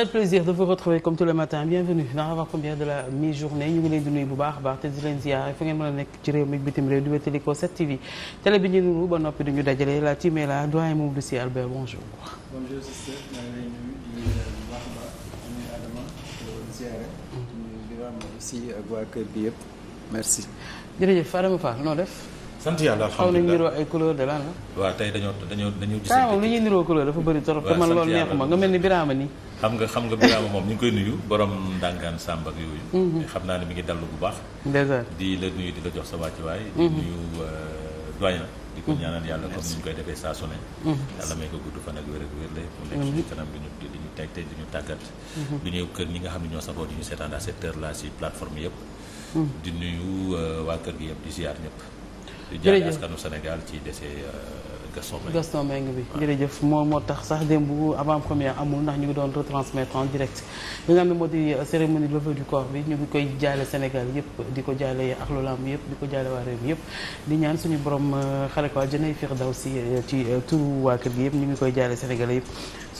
très plaisir de vous retrouver comme tous les matins bienvenue dans Avoir Combien de la mi-journée a baax dajale la timé la doyen Mamadou Sy Albert bonjour. bonjour sister maa ngi lay nuyu di euh, bu a xaw nañ niroo ay couleur de lan la. waaw tey dañoo dañoo dañoo. gis lu ñuy niroo couleur dafa bëri trop. te man loolu neexuma nga mel ni Birame nii xam nga xam nga Birama moom ñu ngi koy nuyu borom ndàngaan sàmb ak yooyu. Mhm. xam naa ne mi ngi dallu bu baax. di la nuyu di la jox sa wàccuwaay. di mhm. nuyu euh, doyen. di ko mhm. ñaanal yàlla comme ni ñu koy defee saa su ne. yàlla may ko gudd fan ak wér ak wér la mu nekk suñu kanam di ñu di ñu teg te di ñu tàggat. di ñëw kër ñi nga xam ne ñoo safoo di ñu seetaan à cette heure là si plateforme yëpp. di nuyu euh, waa kër gi yëpp di ziar ñëpp. di jaay askanu senegal ci dese. Euh, Gaston Mbengue bi jërëjëf moo moo tax sax démb avant première amul ndax ñu ngi doon retransmettre en direct li nga xam moo di euh, cérémonie levée du corps bi ñu ngi koy jaalee Sénégal yëpp di ko jaalee ak lamb yëpp di ko jaale waa réew mi yëpp di ñaan suñu borom euh, xale ko àjjana firdawsi euh, ci turu waa kër gi yëpp ñu ngi koy jaale Sénégal yëpp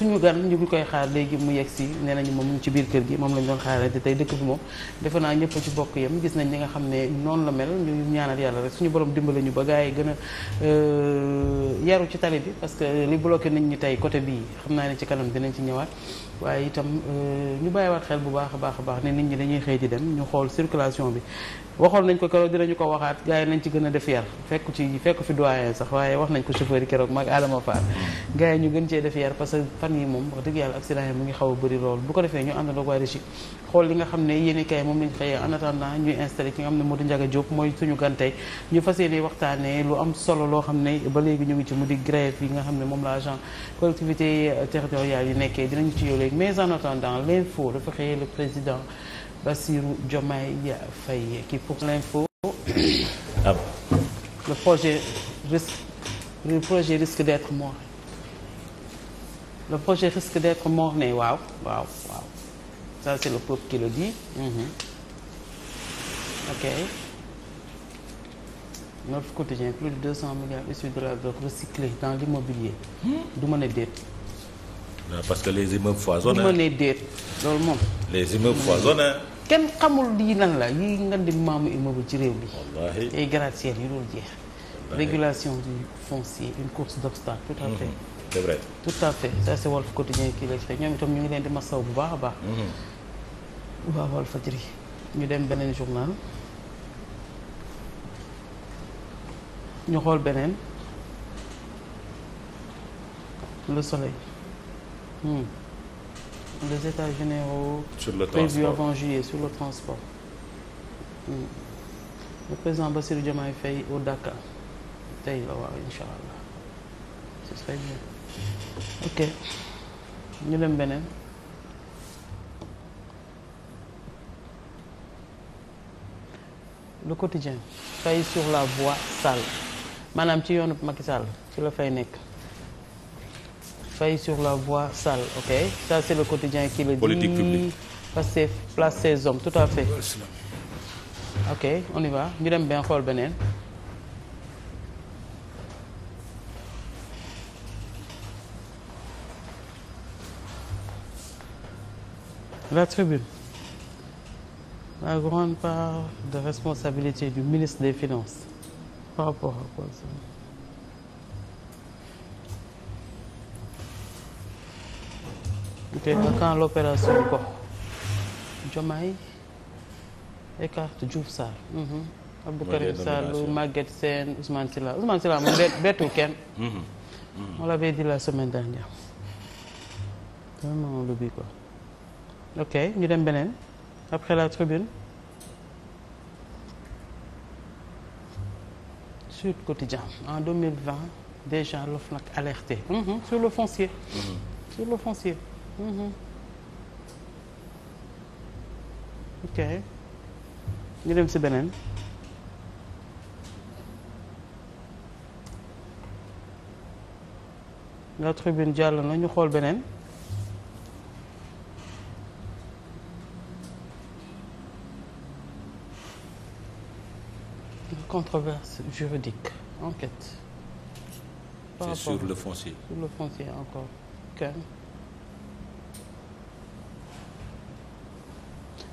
suñu gan ñu ngi koy xaar léegi mu yegg si nee nañu moom mu ci biir kër gi moom lañ doon xaaree te tey dëkk bi moom defe naa ñëpp ci bokk yam gis nañ li nga xam ne noonu la mel ñu ñaanal yàlla rek suñu borom dimbale ñu ba gars yi gën a euh, yaru ci tali bi parce que li bloqué nit ñi tey côté bii xam naa ne ci kanam dinañ ci ñëwaat waaye itam euh, ñu bàyyiwaat xel bu baax a baax a baax ne nit ñi dañuy xëy di dem ñu xool circulation bi waxoon nañ ko keroog dinañu ko waxaat gars yi nañ ci gën a def yar fekku ci fekku fi doyen sax waaye wax nañ ko chauffeur yi keroog mag Adama Fall gars yi ñu gën cee def yar parce que fan yi moom wax dëgg yàlla accident yi mu ngi xaw a lool bu ko defee ñu àndandoo waa Régis xool li nga xam ne yéen moom lañ xëyee en attendant ñuy installé ki nga xam ne Modou Ndiaga Diop mooy suñu gantey ñu fas yéene waxtaanee lu am solo loo xam ne ba léegi ñu ngi ci mu di grève yi nga xam ne moom la agent collectivité territoriale yi nekkee dinañu ci mais en attendant xëyee le Bassirou Diomaye Faye qui pour l'info ah. le projet risque le projet risque d'être mort le projet risque d'être mort waaw waaw waaw ça c'est le peuple qui le dit mm-hmm. ok Notre Quotidien plus de 200 milliards issus de la drogue recyclée dans l'immobilier hmm? du ma ne parce que les immeubles foisonnent. bu mënee moom. les immeubles foisonnent. kenn xamul lii lan la yi nga di maamu immeuble ci réew bi wallaahi ay gratte-ciel yu dul jeex. régulation du foncier une course d'obstacles tout à mhm. fait. c'est vrai tout à fait ça c'est Walf ñoom itam ñu ngi leen di masaw bu baax a baax. Mhm. waaw Walfadjri ñu dem beneen journal ñu xool beneen Le Soleil. Hmm. Les états généraux sur le prévus avant juillet le transport. Hmm. Le président Bassirou Diomaye Faye au Dakar tey la waaw incha allah ce l bien ok ñu dem beneen. le quotidien fay sur la voie sale maanaam ci yoonu Macky Sall ci la fay nekk. Faye sur la voie sale ok ça c'est le quotidien qui le dit. politique publique Pastef place tout à fait. ok on y va ñu dem benn xool beneen. La tribune. La grande part de responsabilité du ministre des Finances par rapport à quoi ça te quand l'opération gox Diomaye écarte Diouf Sarr. Abdou Karim Sall Maguette Sène Ousmane Sylla Ousmane Sylla moom bettul kenn. Mhm. Mhm. on l'avait dit la semaine dernière. vraiment lu bi quoi. ok ñu dem beneen après la tribune Sud Quotidien en 2020 déjà l'OFNAC alerté. Mm -hmm. sur le foncier. Mm -hmm. sur le Mm-hmm. ok ñu dem si beneen. la tribune jàll na ñu xool beneen. controverse juridique enquête. par sur le foncier. sur le foncier encore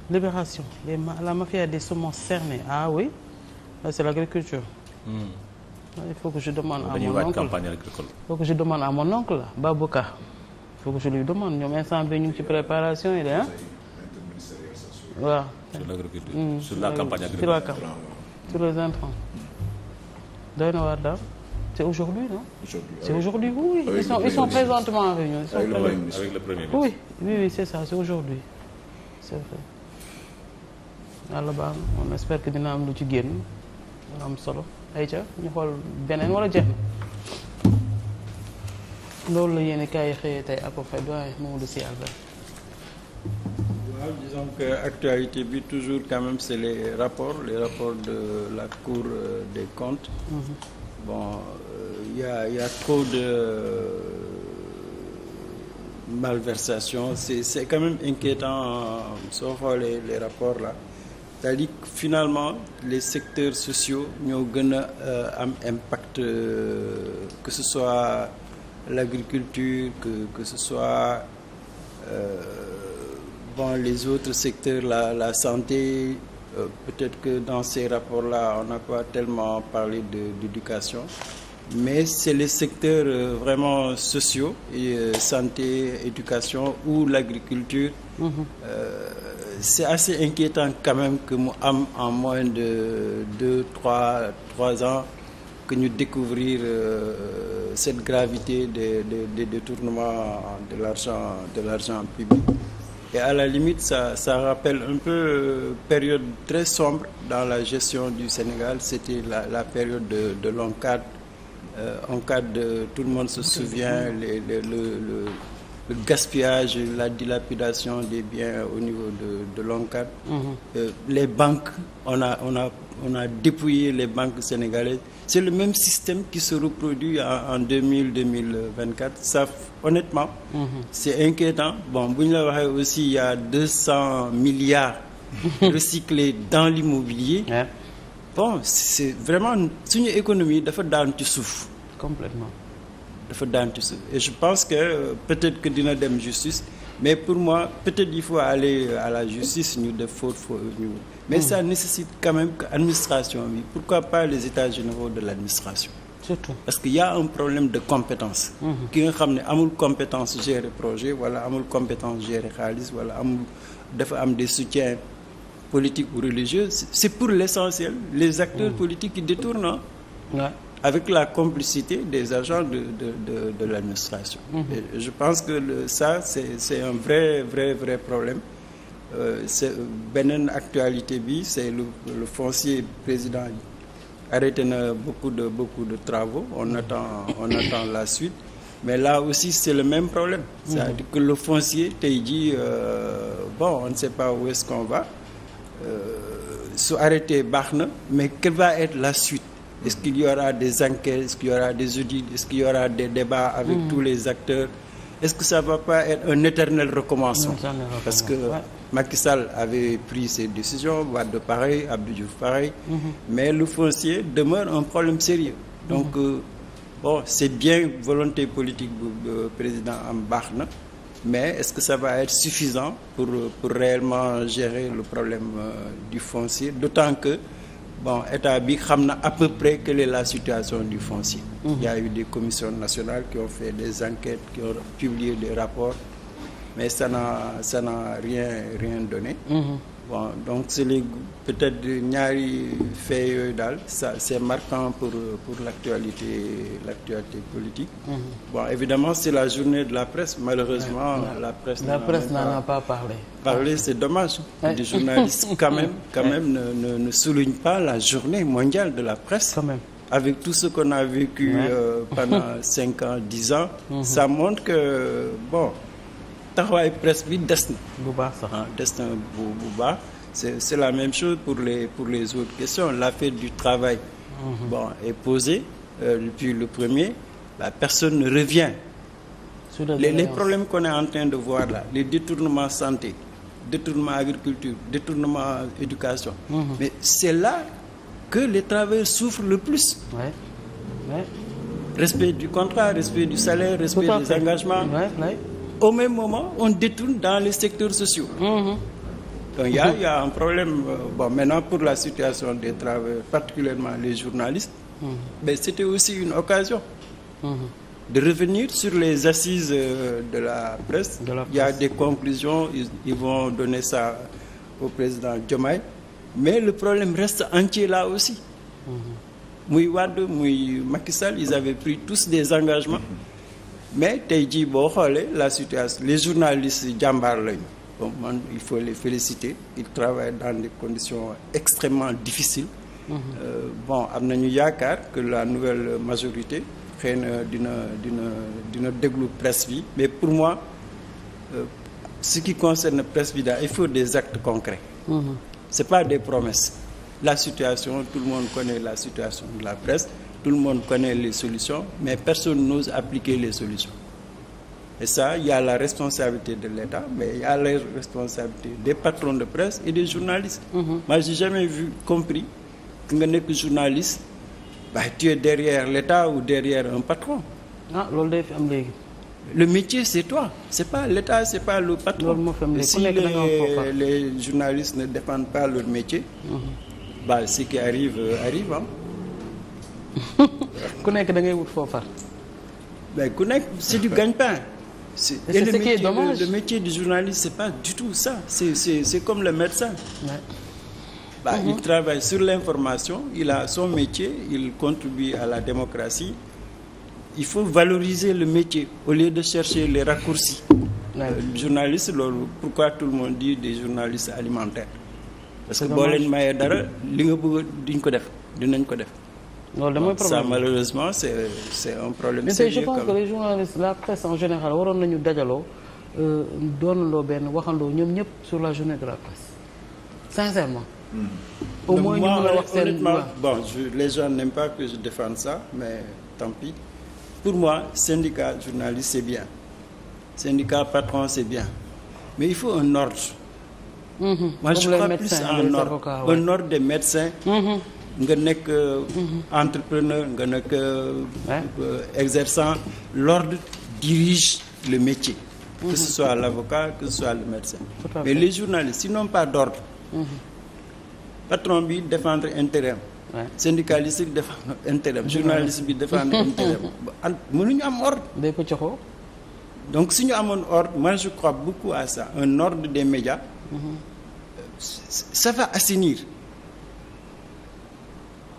Libération. Les ma la mafia des semences cernées. Ah oui, c'est l'agriculture. Mm. Il faut que je demande à mon oncle. campagne agricole. Il faut que je demande à mon oncle, Babouka. Il faut que je lui demande. ñoom instant bi ñu ngi ci préparation yi de ah. waaw. sur l'agriculture. Mm. sur la campagne agricole. sur la campagne sur les intrants. doy na waar daal. C'est aujourd'hui non. Aujourd'hui, c'est aujourd'hui oui. Ils sont ils sont présentement en réunion. Ils sont avec le premier ministre. Oui, oui oui, c'est ça, c'est aujourd'hui. C'est vrai. yàlla baax na on espère que dina am lu ci génn am solo ayca ñu xool beneen loolu la yéen kaay xëyee tey à peu près doyen Mamadou Sy Albert waaw disons que actualité bi toujours quand même c'est les rapport les rapports de la Cour euh, des comptes mm -hmm. bon il euh, y a y a trop de euh, malversation c'est c'est quand même inquiétant euh, soo xoolee les rapport là c'est-à-dire finalement les secteurs sociaux ñoo gën a euh, am impact euh, que ce soit l'agriculture que que ce soit euh, bon les autres secteurs la la santé euh, peut-être que dans ces rapports-là on n'a pas tellement parlé de d'éducation mais c'est les secteurs euh, vraiment sociaux et euh, santé éducation ou l'agriculture mm-hmm. c'est assez inquiétant quand même que mu am en moins de deux trois trois ans que ñu découvrir euh, cette gravité des des détournements de l'argent de l'argent public et à la limite ça ça rappelle un peu euh, période très sombre dans la gestion du Sénégal c'était la la période de de l'ONCAD euh, ONCAD tout le monde se souvient les, les le le le gaspillage, la dilapidation des biens au niveau de, de l'ONCAD. Mmh. Euh, les banques, on a, on, a, on a dépouillé les banques sénégalaises. C'est le même système qui se reproduit en, en 2000-2024. Ça, honnêtement, mmh. c'est inquiétant. Bon, aussi, il y a 200 milliards recyclés dans l'immobilier. Ouais. Bon, c'est vraiment, une économie, d'affaires dans tu souffres. Complètement. dafa daantu suuf et je pense que euh, peut-être que dina dem justice mais pour moi peut-être il faut aller euh, à la justice ñu de faute faute ñu mais ça mmh. nécessite quand même que administration bi pourquoi pas les états généraux de l'administration surtout parce que y a un problème de compétence mmh. ki nga xam ne amul compétence gérer projet wala amul compétence gérer ralis wala amul dafa am des soutiens politiques ou religieux c'est pour l'essentiel les acteurs mmh. politiques qui détournent avec la complicité des agents de, de, de, de l'administration. Mm -hmm. Je pense que le, ça, c'est un vrai, vrai, vrai problème. Euh, c'est beneen actualité bi c'est le, le foncier président arrêté na beaucoup de beaucoup de travaux on mhm. attend on attend la suite mais là aussi c'est le même problème mhm. c'est-à-dire que le foncier tey jii euh, bon on ne sait pas où est-ce qu'on va euh, su arrêté baax na mais quelle va être la suite Est-ce qu'il y aura des enquêtes Est-ce qu'il y aura des débats avec mm. tous les acteurs Est-ce que ça ne va pas être un éternel recommencement Parce que ouais. Macky Sall avait pris ses décisions, Wade pareil, Abdou Diouf pareil, mmh. mais le foncier demeure un problème sérieux. Donc, mmh. c'est bien volonté politique du président Ambarna, mais est-ce que ça va être suffisant pour, pour réellement gérer le problème euh, du foncier D'autant que bon état bi xam na à peu près quelle est la situation du foncier. Mmh. Il y a eu des commissions nationales qui ont fait des enquêtes qui ont publié des rapports mais ça n'a rien rien donné. Mhm. bon donc c'est les peut-être ñaari yooyu daal ça c'est marquant pour pour l'actualité l'actualité politique mm -hmm. bon évidemment c'est la journée de la presse malheureusement ouais, la presse la presse n'en a pas parlé parlé c'est dommage ouais. des journalistes quand même ne, soulignent pas la journée mondiale de la presse quand même avec tout ce qu'on a vécu euh, pendant cinq ans dix ans mm ça montre que taxawaayu presse bi des na. bu baax ah, des na bu baax c'est c'est la même chose pour les pour les autres questions la fête du travail. Mmh. bon est posée euh, depuis le premier la personne revient. Les, les problèmes qu'on est en train de voir là les détournements santé détournement agriculture détournement éducation mmh. mais c'est là que les travailleurs souffrent le plus respect du contrat respect du salaire respect des engagements au même moment on détourne dans les secteurs sociaux mm-hmm. donc il y a, il y a un problème euh, bon maintenant pour la situation des travailleurs particulièrement les journalistes mm-hmm. mais c'était aussi une occasion mm-hmm. de revenir sur les assises euh, de la presse. De la presse. Il y a des conclusions, ils, ils vont donner ça au président Diomaye. Mais le problème reste entier là aussi. Muy Wade, muy Macky Sall, ils avaient pris tous des engagements. mais tey jii boo xoolee la situation les journalistes jàmbaar lañu donc man il faut les féliciter ils travaillent dans des conditions extrêmement difficiles mm -hmm. euh, bon am nañu yaakaar que la nouvelle majorité xëy na dina dina dina déglu presse bi mais pour moi euh, ce qui concerne presse bi daal il faut des actes concrets mm -hmm. c'est pas des promesses la situation tout le monde connaît la situation de la presse Tout le monde connaît les solutions, mais personne n'ose appliquer les solutions. Et ça, il y a la responsabilité de l'État, mais il y a la responsabilité des patrons de presse et des journalistes. Mm -hmm. Moi, j'ai jamais vu, compris que nga nekk journaliste, bah, tu es derrière l'État ou derrière un patron. Ah, le métier c'est toi c'est pas l'État c'est pas le patron. si les journalistes ne dépendent pas leur métier. Mhm. ce qui arrive euh, arrive ku nekk da ngay wut foofar. mais ku nekk c'est du gagne-pain. c'est métier, qui est dommage le, le métier du journaliste c'est pas du tout ça c'est c'est c'est comme le médecin. Ouais. Bah, mm -hmm. il mm-hmm. travaille sur l'information il a son métier il contribue à la démocratie il faut valoriser le métier au lieu de chercher les raccourcis. Ouais. Euh, journaliste loolu pourquoi tout le monde dit des journalistes alimentaires. parce que boo leen mayee dara li nga bëgg duñ ko def dinañ ko def. loolu de mooy problème c'est un problème. mais je pense que les journalistes la presse en général waroon nañu dajaloo euh, doonaloo benn waxandoo ñoom ñëpp sur la journée de la presse sincèrement. Hmm. au moins ñu mën a les gens n'aiment pas que je défende ça mais tant pis pour moi syndicat journaliste c'est bien syndicat patron c'est bien mais il faut un ordre. Mm un ordre des médecins. Mhm. nga nekk euh, entrepreneur nga nekk euh, euh, exerçant l'ordre dirige le métier que ce soit l'avocat que ce soit le médecin mais les journalistes ils n'ont pas d'ordre patron bi défendre intérêt am syndicaliste bi défendre intérêt am journaliste bi défendre intérêt am mënuñu am ordre donc si ñu amoon ordre moi je crois beaucoup à ça un ordre des médias mm-hmm. ça va assainir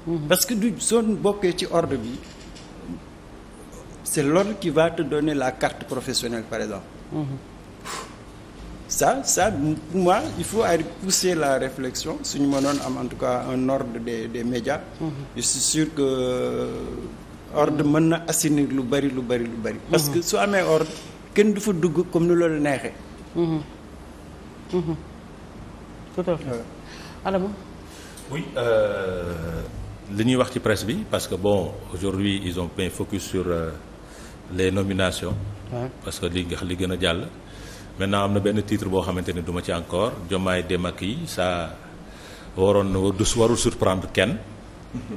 Mhm. parce que du soo bokkee ci ordre bi c'est l'ordre qui va te donner la carte professionnelle par exemple mm -hmm. ça il faut aller pousser la réflexion suñu mënoon am en tout cas un ordre des des médias mm je suis sûr que euh, ordre mën na assainir lu bari lu bari lu bari parce mhm. que su amee ordre kenn du fa dugg comme ni loolu neexee mhm. li ñuy wax ci presse bi parce que bon aujourd'hui ils ont fait focus sur euh, les nominations. parce que li nga li gën a jàll. maintenant am na benn titre boo xamante ne duma ci encore Diomaye démaquille sa waroon na du warul surprendre kenn.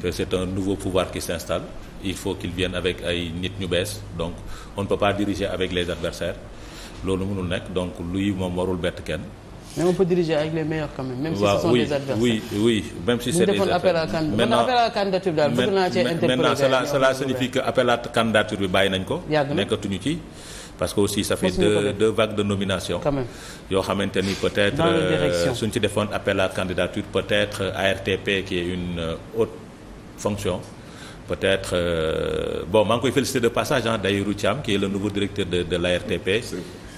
que c'est un nouveau pouvoir qui s'installe il faut qu'il vienne avec ay nit ñu bees donc on ne peut avec les adversaires loolu mënul nekk donc luy moom warul bett kenn. mais on peut diriger avec les meilleurs quand même. même si ce sont des adversaires oui oui même si c'est des adversaires maintenant candidature daal bëgg naa cee interpeller maintenant cela cela signifie que appel candidature bi bàyyi nañ ko. yàgg na nekkatuñu ci. parce que aussi ça fait deux deux vagues de nomination yoo xamante ni peut-être euh, suñ ci defoon appel à candidature peut-être euh, ARTP qui une euh, haute fonction peut-être bon maa ngi koy féliciter de passage ah Dahirou Thiam qui est le nouveau directeur de de l'ARTP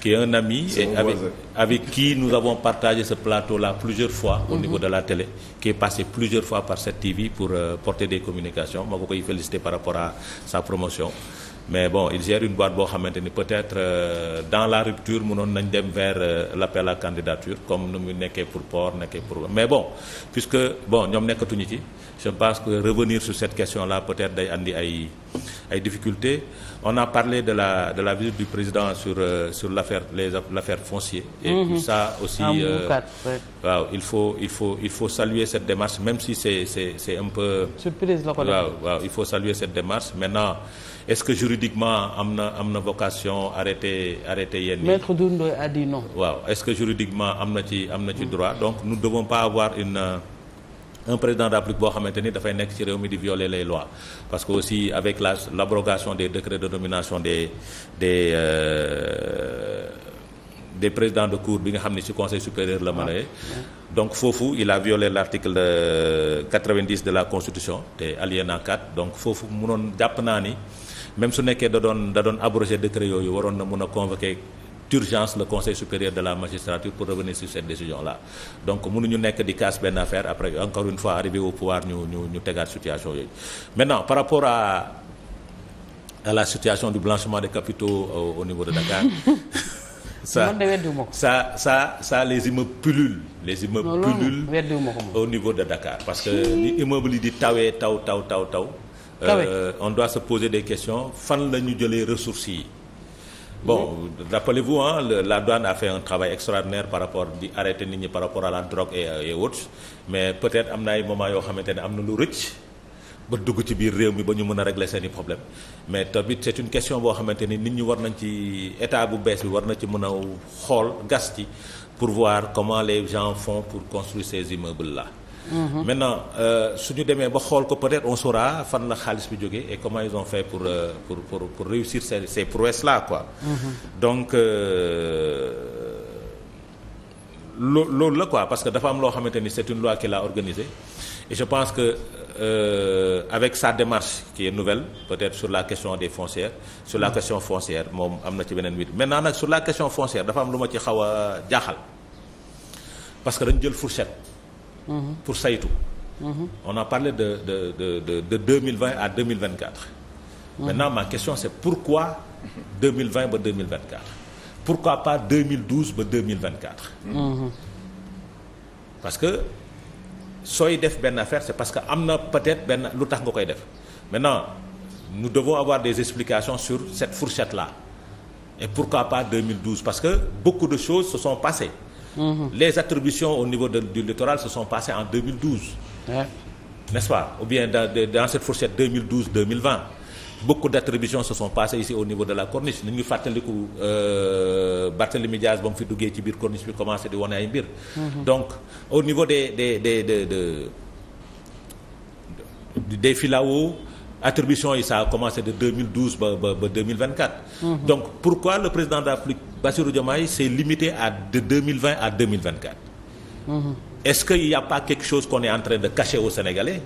qui est un ami est et avec, avec, qui nous avons partagé ce plateau-là plusieurs fois au mm niveau mhm. de la télé, qui est passé plusieurs fois par cette TV pour euh, porter des communications. Je vais féliciter par rapport à sa promotion. Mais bon, il gère une boîte peut-être euh, dans la rupture, nous allons vers euh, l'appel à candidature, comme nous sommes pour Port, pour... Mais bon, puisque, bon, nous sommes je pense que revenir sur cette question-là peut-être day andi ay ay difficultés on a parlé de la de la visite du président sur euh, sur l'affaire les l'affaire foncier et mm -hmm. puis ça aussi euh, il faut il faut il faut saluer cette démarche même si c'est c'est c'est un peu surprise la ko waaw waaw il faut saluer cette démarche maintenant est-ce que juridiquement am na am na vocation arrêter arrêter yenn yi Maître Doudou Ndoye est-ce que juridiquement am na ci am na ci droit mm. donc nous devons pas avoir une un président de la boo xamante ni dafay nekk ci réew mi di violer les lois parce que aussi avec la l'abrogation des décrets de nomination des des euh, des présidents de cour bi nga xam ne ci conseil supérieur la mën a ah. donc foofu il a la l'article 90 euh, de la constitution te alinéa 4 donc foofu mënoon jàpp naa ni même su nekkee da doon da doon abroger décret yooyu waroon na mun a convoquer d'urgence le conseil supérieur de la magistrature pour revenir sur cette décision là donc mënuñu nekk di casse benn affaire après encore une fois arrivé au pouvoir ñu ñu ñu tegaat situation yooyu maintenant par rapport à à la situation du blanchiment des capitaux au, niveau de Dakar ça sa sa ça les immeubles pullulent les immeubles pullulent au niveau de Dakar parce que li immeuble di tawee taw taw taw taw euh, on doit se poser des questions fan la ñu jëlee ressources yi bon rappelez-vous hein, le, la douane a fait un travail extraordinaire par rapport di arrêté nit ñi par rapport à la drogue et, euh, et autres mais peut-être am na ay moment yoo xamante ne am na lu rëcc ba dugg ci biir réew mi ba ñu mën a régler seen i problème mais tamit c'est une question boo xamante ni nit ñi war nañ ci état bu bees bi war na ci mën a xool gas ci pour voir comment les gens font pour construire ces immeubles la Mm-hmm. maintenant euh, su ñu demee ba xool ko peut-être on sora fan la xaalis bi jógee et comment ils ont fait pour euh, pour pour pour réussir ces ces prouesses là quoi. Mm-hmm. donc euh, loo loolu la quoi parce que dafa am loo xamante ni c'est une loi qui l'a organisée et je pense que. Euh, avec sa démarche qui nouvelle peut-être sur la question des foncières sur la mm-hmm. question foncière moom am na ci beneen wit maintenant nag sur la question foncière dafa am lu ma ci xaw a jaaxal parce que dañ jël fourchette pour saytu. on a parlé de de de de de deux mille vingt à deux mille vingt quatre. maintenant ma question c'est pourquoi deux mille vingt ba deux mille vingt quatre pourquoi pas deux mille douze ba deux mille vingt quatre. parce que sooy def benn affaire c'est parce que am na peut-être benn lu tax nga koy def maintenant nous devons avoir des explications sur cette fourchette la et pourquoi pas deux mille douze parce que beaucoup de choses se sont passées. Mm-hmm. les attributions au niveau de, du littoral se sont passées en 2012. Ouais. N'est-ce pas? Ou bien dans, dans cette fourchette 2012-2020. se sont passées ici au niveau de la corniche ni ñu fàttaliku euh, Barthélemy Diaz ba mu fi duggee ci biir corniche bi commencé di wane ay mbir. Mm-hmm. donc au niveau des des des des de des filao attribution yi ça a commencé de 2012 ba ba ba 2024. Mhm. donc pourquoi le président de la République Bassirou Diomaye s'est limité à de 2020 à 2024. Mhm. est-ce que il y a pas quelque chose qu'on est en de cacher aux Sénégalais.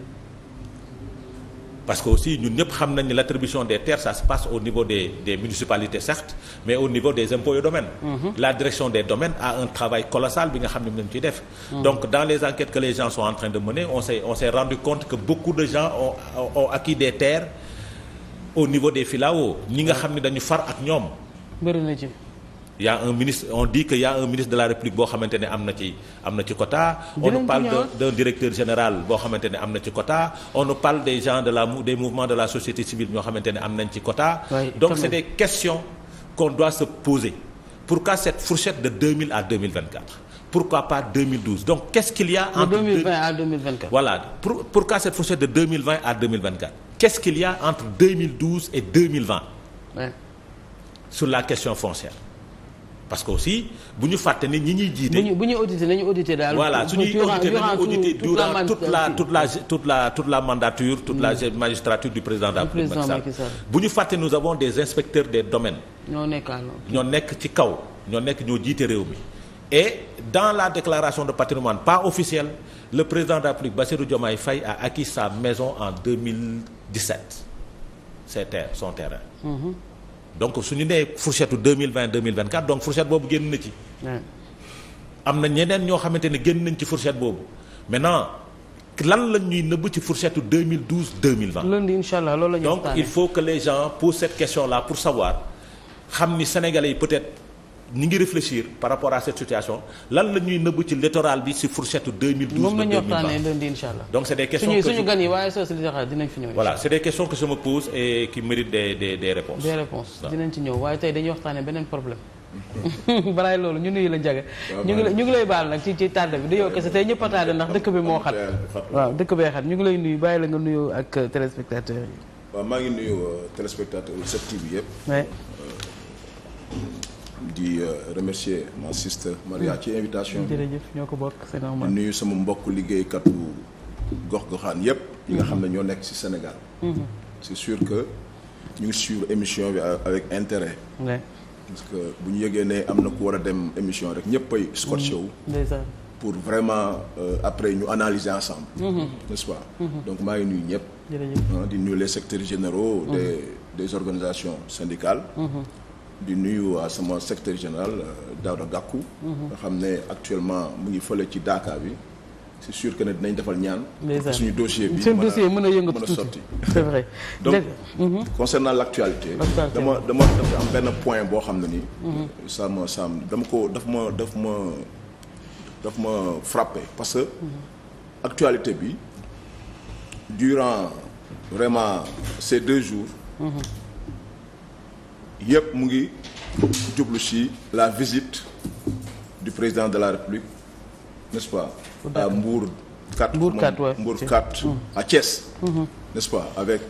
parce que aussi ñun ñëpp xam nañ ne l'attribution des terres ça se passe au niveau des municipalités certes mais au niveau des impôts et domaines. Mhm. la direction des domaines a un travail colossal bi nga xam ne moom lañ def. Mhm. donc dans les enquêtes que les gens sont en train de mener on s'est on s'est rendu compte que beaucoup de gens ont acquis des terres au niveau des filaos ñi nga xam ne dañu far ak ñoom. y a un ministre on dit que y a un ministre de la République boo xamante ne am na ci quota on nous parle général boo xamante ne am na ci quota on nous parle des gens de la des mouvements de la société civile ñoo xamante ne am nañ ci quota donc c'est des questions qu'on doit se poser pourquoi cette fourchette de à 2024 pourquoi pas 2012 donc qu'est-ce qu'il y a entre 2020 à 2024 voilà pour pourquoi cette fourchette de 2020 à et sur la question foncière parce que aussi bu ñu fàtte ni ñi ñuy jiite. bu ñu audité nañu audité daal. voilà su ñuy audité nañu audité durant toute la tout la toute la toute la mandature. toute la mm. magistrature du président de la République Macky bu ñu fàtte nous avons des inspecteurs des domaines. ñoo nekk ñoo nekk ci kaw ñoo nekk ñoo jiite réew mi. et dans la déclaration de patrimoine pas officielle le président de la République Bassirou Diomaye Faye a acquis sa maison en 2017 ses terres son terrain. Mm-hmm. donc su ñu nee fourchette u 2020 2024 donc fourchette boobu génn na ci. am na ñeneen ñoo xamante ne génn nañ ci fourchette boobu maintenant lan la ñuy nëbb ci fourchette u 2012 2020. lundi incha allah loolu la ñuy donc il faut que les gens posent cette question là pour savoir xam ni sénégalais yi peut-être. ñu ngi réfléchir par rapport à cette situation lan la ñuy nëbb ci littoral bi si fourchette 2012 moom la ñu waxtaanee lundi incha allah donc c' est des questions suñu gan yi waaye soo si littoral dinañ fi ñëw voilà c' est des questions que pose et qui méritent des des des réponses des dinañ ci ñëw waaye tey dañuy waxtaanee beneen problème baraay loolu ñu nuyu la njaga ñu ngi ñu ngi lay baal nag ci ci bi du kese tey ñëpp a tardé ndax dëkk bi moo xat waaw dëkk lay nuyu bàyyi la nga nuyoo ak téléspectateurs yi waaw di euh, remercier ma sister Maria mm. ci invitation bi jërëjëf ñoo ko bokk c'est normal nuyu sama mbokk liggéeykatu gox-goxaan yépp yi nga xam ne ñoo nekk ci Sénégal mm-hmm. c'est sûr que ñu ngi suivre émission bi avec intéret parce que bu ñu yëgee ne am na ku war a dem émission rek ñëppay scotché mm-hmm. wu pour vraiment euh, après ñu analyser ensemble mm donc maa ngi nuyu ñëpp ah, di nuyu les secteurs généraux des des organisations syndicales di nuyu waa sama secteur général euh, Daouda Gakou mhm. nga xam ne actuellement mu ngi fële ci Dakar bi c'est sûr que ne dinañ defal ñaan suñu dossier bi seen dossier mën a yëngatu tuuti sotti c'est vrai donc mhm. concernant l'actualité dama dama dafa am benn point boo xam ne nii mhm. ça ma ça dama ko daf ma daf ma daf ma frappé parce que actualité bi durant vraiment ces deux jours yëpp mu ngi jublu ci la visite du président de la République n'est-ce pas à Mbour 4 Mbour 4 ouais. Mbour 4 mmh. à Thiès mmh. n'est-ce pas avec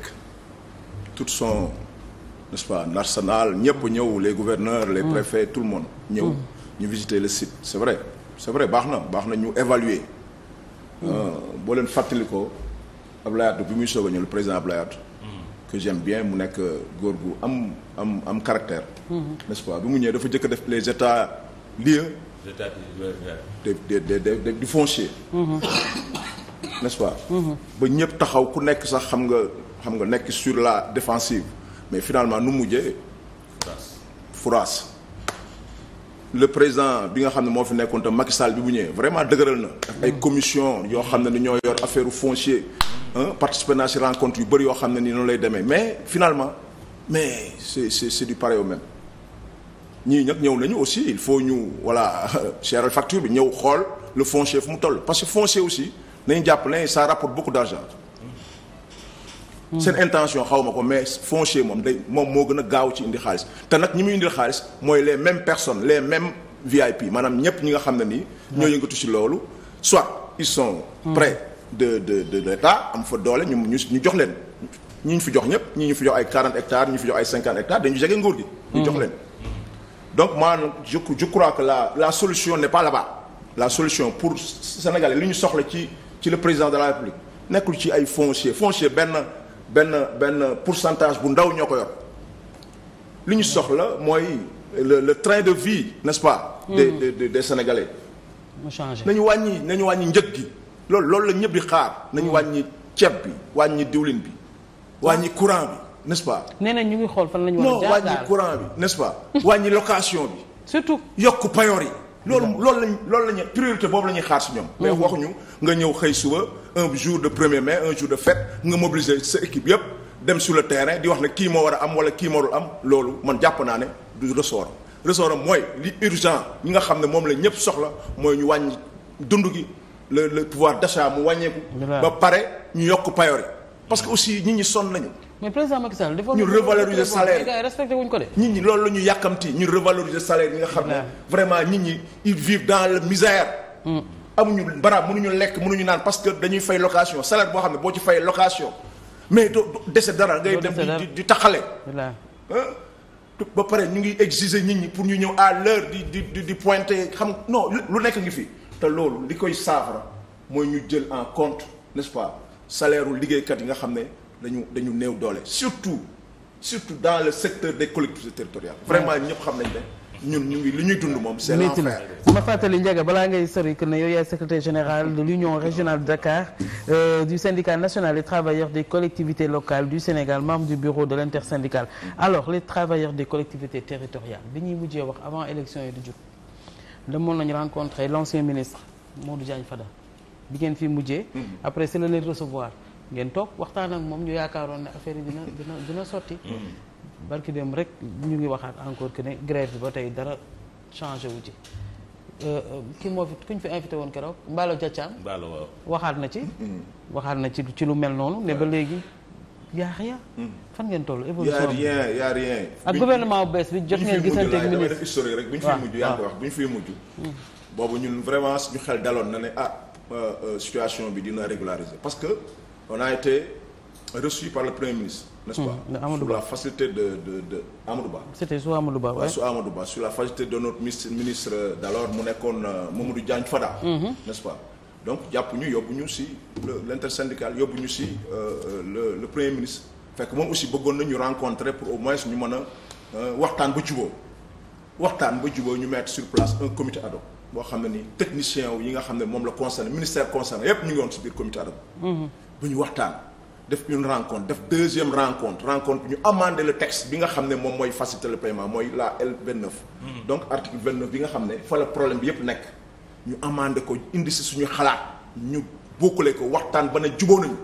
toute son n'est-ce pas l'arsenal ñëpp ñëw les gouverneurs les mmh. préfets tout le monde ñëw mmh. ñu visiter le site c'est vrai c'est vrai baax na baax na ñu évaluer euh, boo leen fàttali ko Abdoulaye Wade bi muy soog a ñëw président Abdoulaye Wade que j'aime bien mu nekk góor gu am am am caractère. Mm-hmm. n'est-ce bi mu ñëwee dafa jëkk def les états lieux. de de de de du foncier. Mm-hmm. n'est-ce pas. Mm-hmm. ba ñëpp taxaw ku nekk sax xam nga xam nga nekk sur la défensive mais finalement nu mujjee. fouraas. le président bi nga xam ne moo fi nekkoon tam Macky bi bu ñëwee vraiment dëgëral na. ay commission yoo xam ne ñoo yor affaire foncier. participer naa si rencontre yu bëri yoo xam ne ni noonu lay demee mais finalement mais c'est c'est c'est du pareil au même ñii nag ñëw nañu aussi il faut ñu voilà gérer facture bi ñëw xool le foncier fu mu toll parce que foncier aussi nañu jàpp ne ça rapport beaucoup d'argent Hmm. seen intention xaw ma ko mais foncier moom day moom moo gën a gaaw ci indi xaalis te nag ñi muy indil xaalis mooy les même personne les mêmes VIP maanaam ñëpp ñi nga xam ne nii. Hmm. ñoo yëngatu si loolu soit ils sont hmm. près de de de l'État am fa doole ñu ñu jox leen ñi ñu fi jox ñëpp ñi ñu fi jox ay 40 hectares ñu fi jox ay 50 hectares dañu jege nguur gi. ñu jox leen donc man je je crois que la la solution ne pas là la solution pour Sénégalais li ñu soxla ci ci le président de la République nekkul ci ay foncier foncier benn. benn benn pourcentage bu ndaw ñoo ko yor li ñu soxla mooy le le train de vie n'est-ce pas. des mm-hmm. des des, des sénégalais. mu changé nañu wàññi nañu wàññi njëg gi loolu loolu la ñëpp di xaar. nañu mm. wàññi ceeb bi wàññi diwlin bi wàññi courant bi. n'est-ce nee na ñu ngi xool fan la ñu war a wàññi bi n'est-ce pas. wàññi location bi. surtout yokk payoor yi. loolu mm-hmm. loolu lañ loolu lañu priorité boobu la ñuy xaar si ñoom. mais mm-hmm. waxuñu nga ñëw xëy suba. un jour de premier mai un jour de fête nga mobiliser sa équipe yëpp dem sur le terrain di wax ne kii moo war a am wala kii moo dul am loolu man jàpp naa ne du ressort ressort am mooy li urgent ñi nga xam ne moom la ñëpp soxla mooy ñu wàññi dund gi le le pouvoir d'achat mu wàññeeku. ba pare ñu yokk payoor yi parce que aussi nit ñi sonn nañu. mais président Macky Sall dafa ñu revaloriser salaire respecté wuñ ko de. nit ñi loolu la ñu yàkkamti ñu revaloriser salaire yi nga xam ne. vraiment nit ñi ils vivent dans la misère. Mm. amuñu baraab mënuñu lekk mënuñu naan parce que dañuy fay location salaire boo xam ne boo ci fay location mais doo dese dara ngay dem di di taxale ba pare ñu ngi exiger nit ñi pour ñu ñëw à l'heure di di di pointer xam non lu nekk ngi fi te loolu li koy saafara mooy ñu jël en compte n'est-ce pas salaire liggéeykat yi nga xam ne dañu dañu néew doole surtout surtout dans le secteur des collectivités territoriales vraiment ñëpp xam nañ ne ñun ñu ngi li ñuy dund moom c'est l'enfer ma fàttali Ndiaga balaa ngay sori ne yow yaay secrétaire général de l'union régionale de Dakar euh, du syndicat national des travailleurs des collectivités locales du Sénégal membre du bureau de l'intersyndicale alors les travailleurs des collectivités territoriales bi ñuy mujjee wax avant élection yi di jub demoon nañu rencontrer l'ancien ministre Modou Diagne Fada bi ngeen fi mujjee mm-hmm. après c'est la leen recevoir ngeen toog waxtaan ak moom ñu yaakaaroon ne affaire yi dina dina barki dem rek ñu ngi waxaat encore que ne grève bi ba tey dara changé wu ci euh, euh, ki moo fi ku ñu fi invité woon keroog Mballo Diathiam waxaat na ci mm-hmm. waxaat na ci ci lu mel noonu ne ba léegi yaa rien mm-hmm. fan ngeen toll évolution bi yaa rien yaa rien ak gouvernement bees bi jot ngeen gisante ak ministre rek bu ñu fiy mujj yaa ngi ko wax bu ñu fiy mujj mm. boobu ñun vraiment ñu xel daloon na ne ah euh, situation bi dina régulariser parce que on a été par le premier ministre n'est-ce pas mm, Amadou Ba sur la facilité de de de Amadou Ba. c'était sous Amadou Ba waaw sous Amadou Ba sur la facilité de notre ministre euh, d'alors mu nekkoon euh, Mamadou Diagne Fada. Mm-hmm. n'est-ce pas donc jàpp ñu yóbbu ñu si l'intersyndical yóbbu ñu si euh, le premier ministre. fekk moom aussi bëggoon na ñu rencontrer pour au moins ñu mën a waxtaan ba jubóo waxtaan ba jubóo ñu mettre sur place un comité ad hoc xam ne ni technicien yi nga xam ne moom la concerné ministère concerné yépp ñu ngi woon si biir comité ad hoc. Mm-hmm. def une rencontre def deuxième rencontre rencontre ñu amender le texte bi nga xam ne moom mooy faciliter le paiement mooy la L29. Hmm. donc article 29 bi nga xam ne fala la problème bi yëpp nekk ñu amender ko indi si suñu xalaat ñu bokkule ko waxtaan ba ne jubóo nañu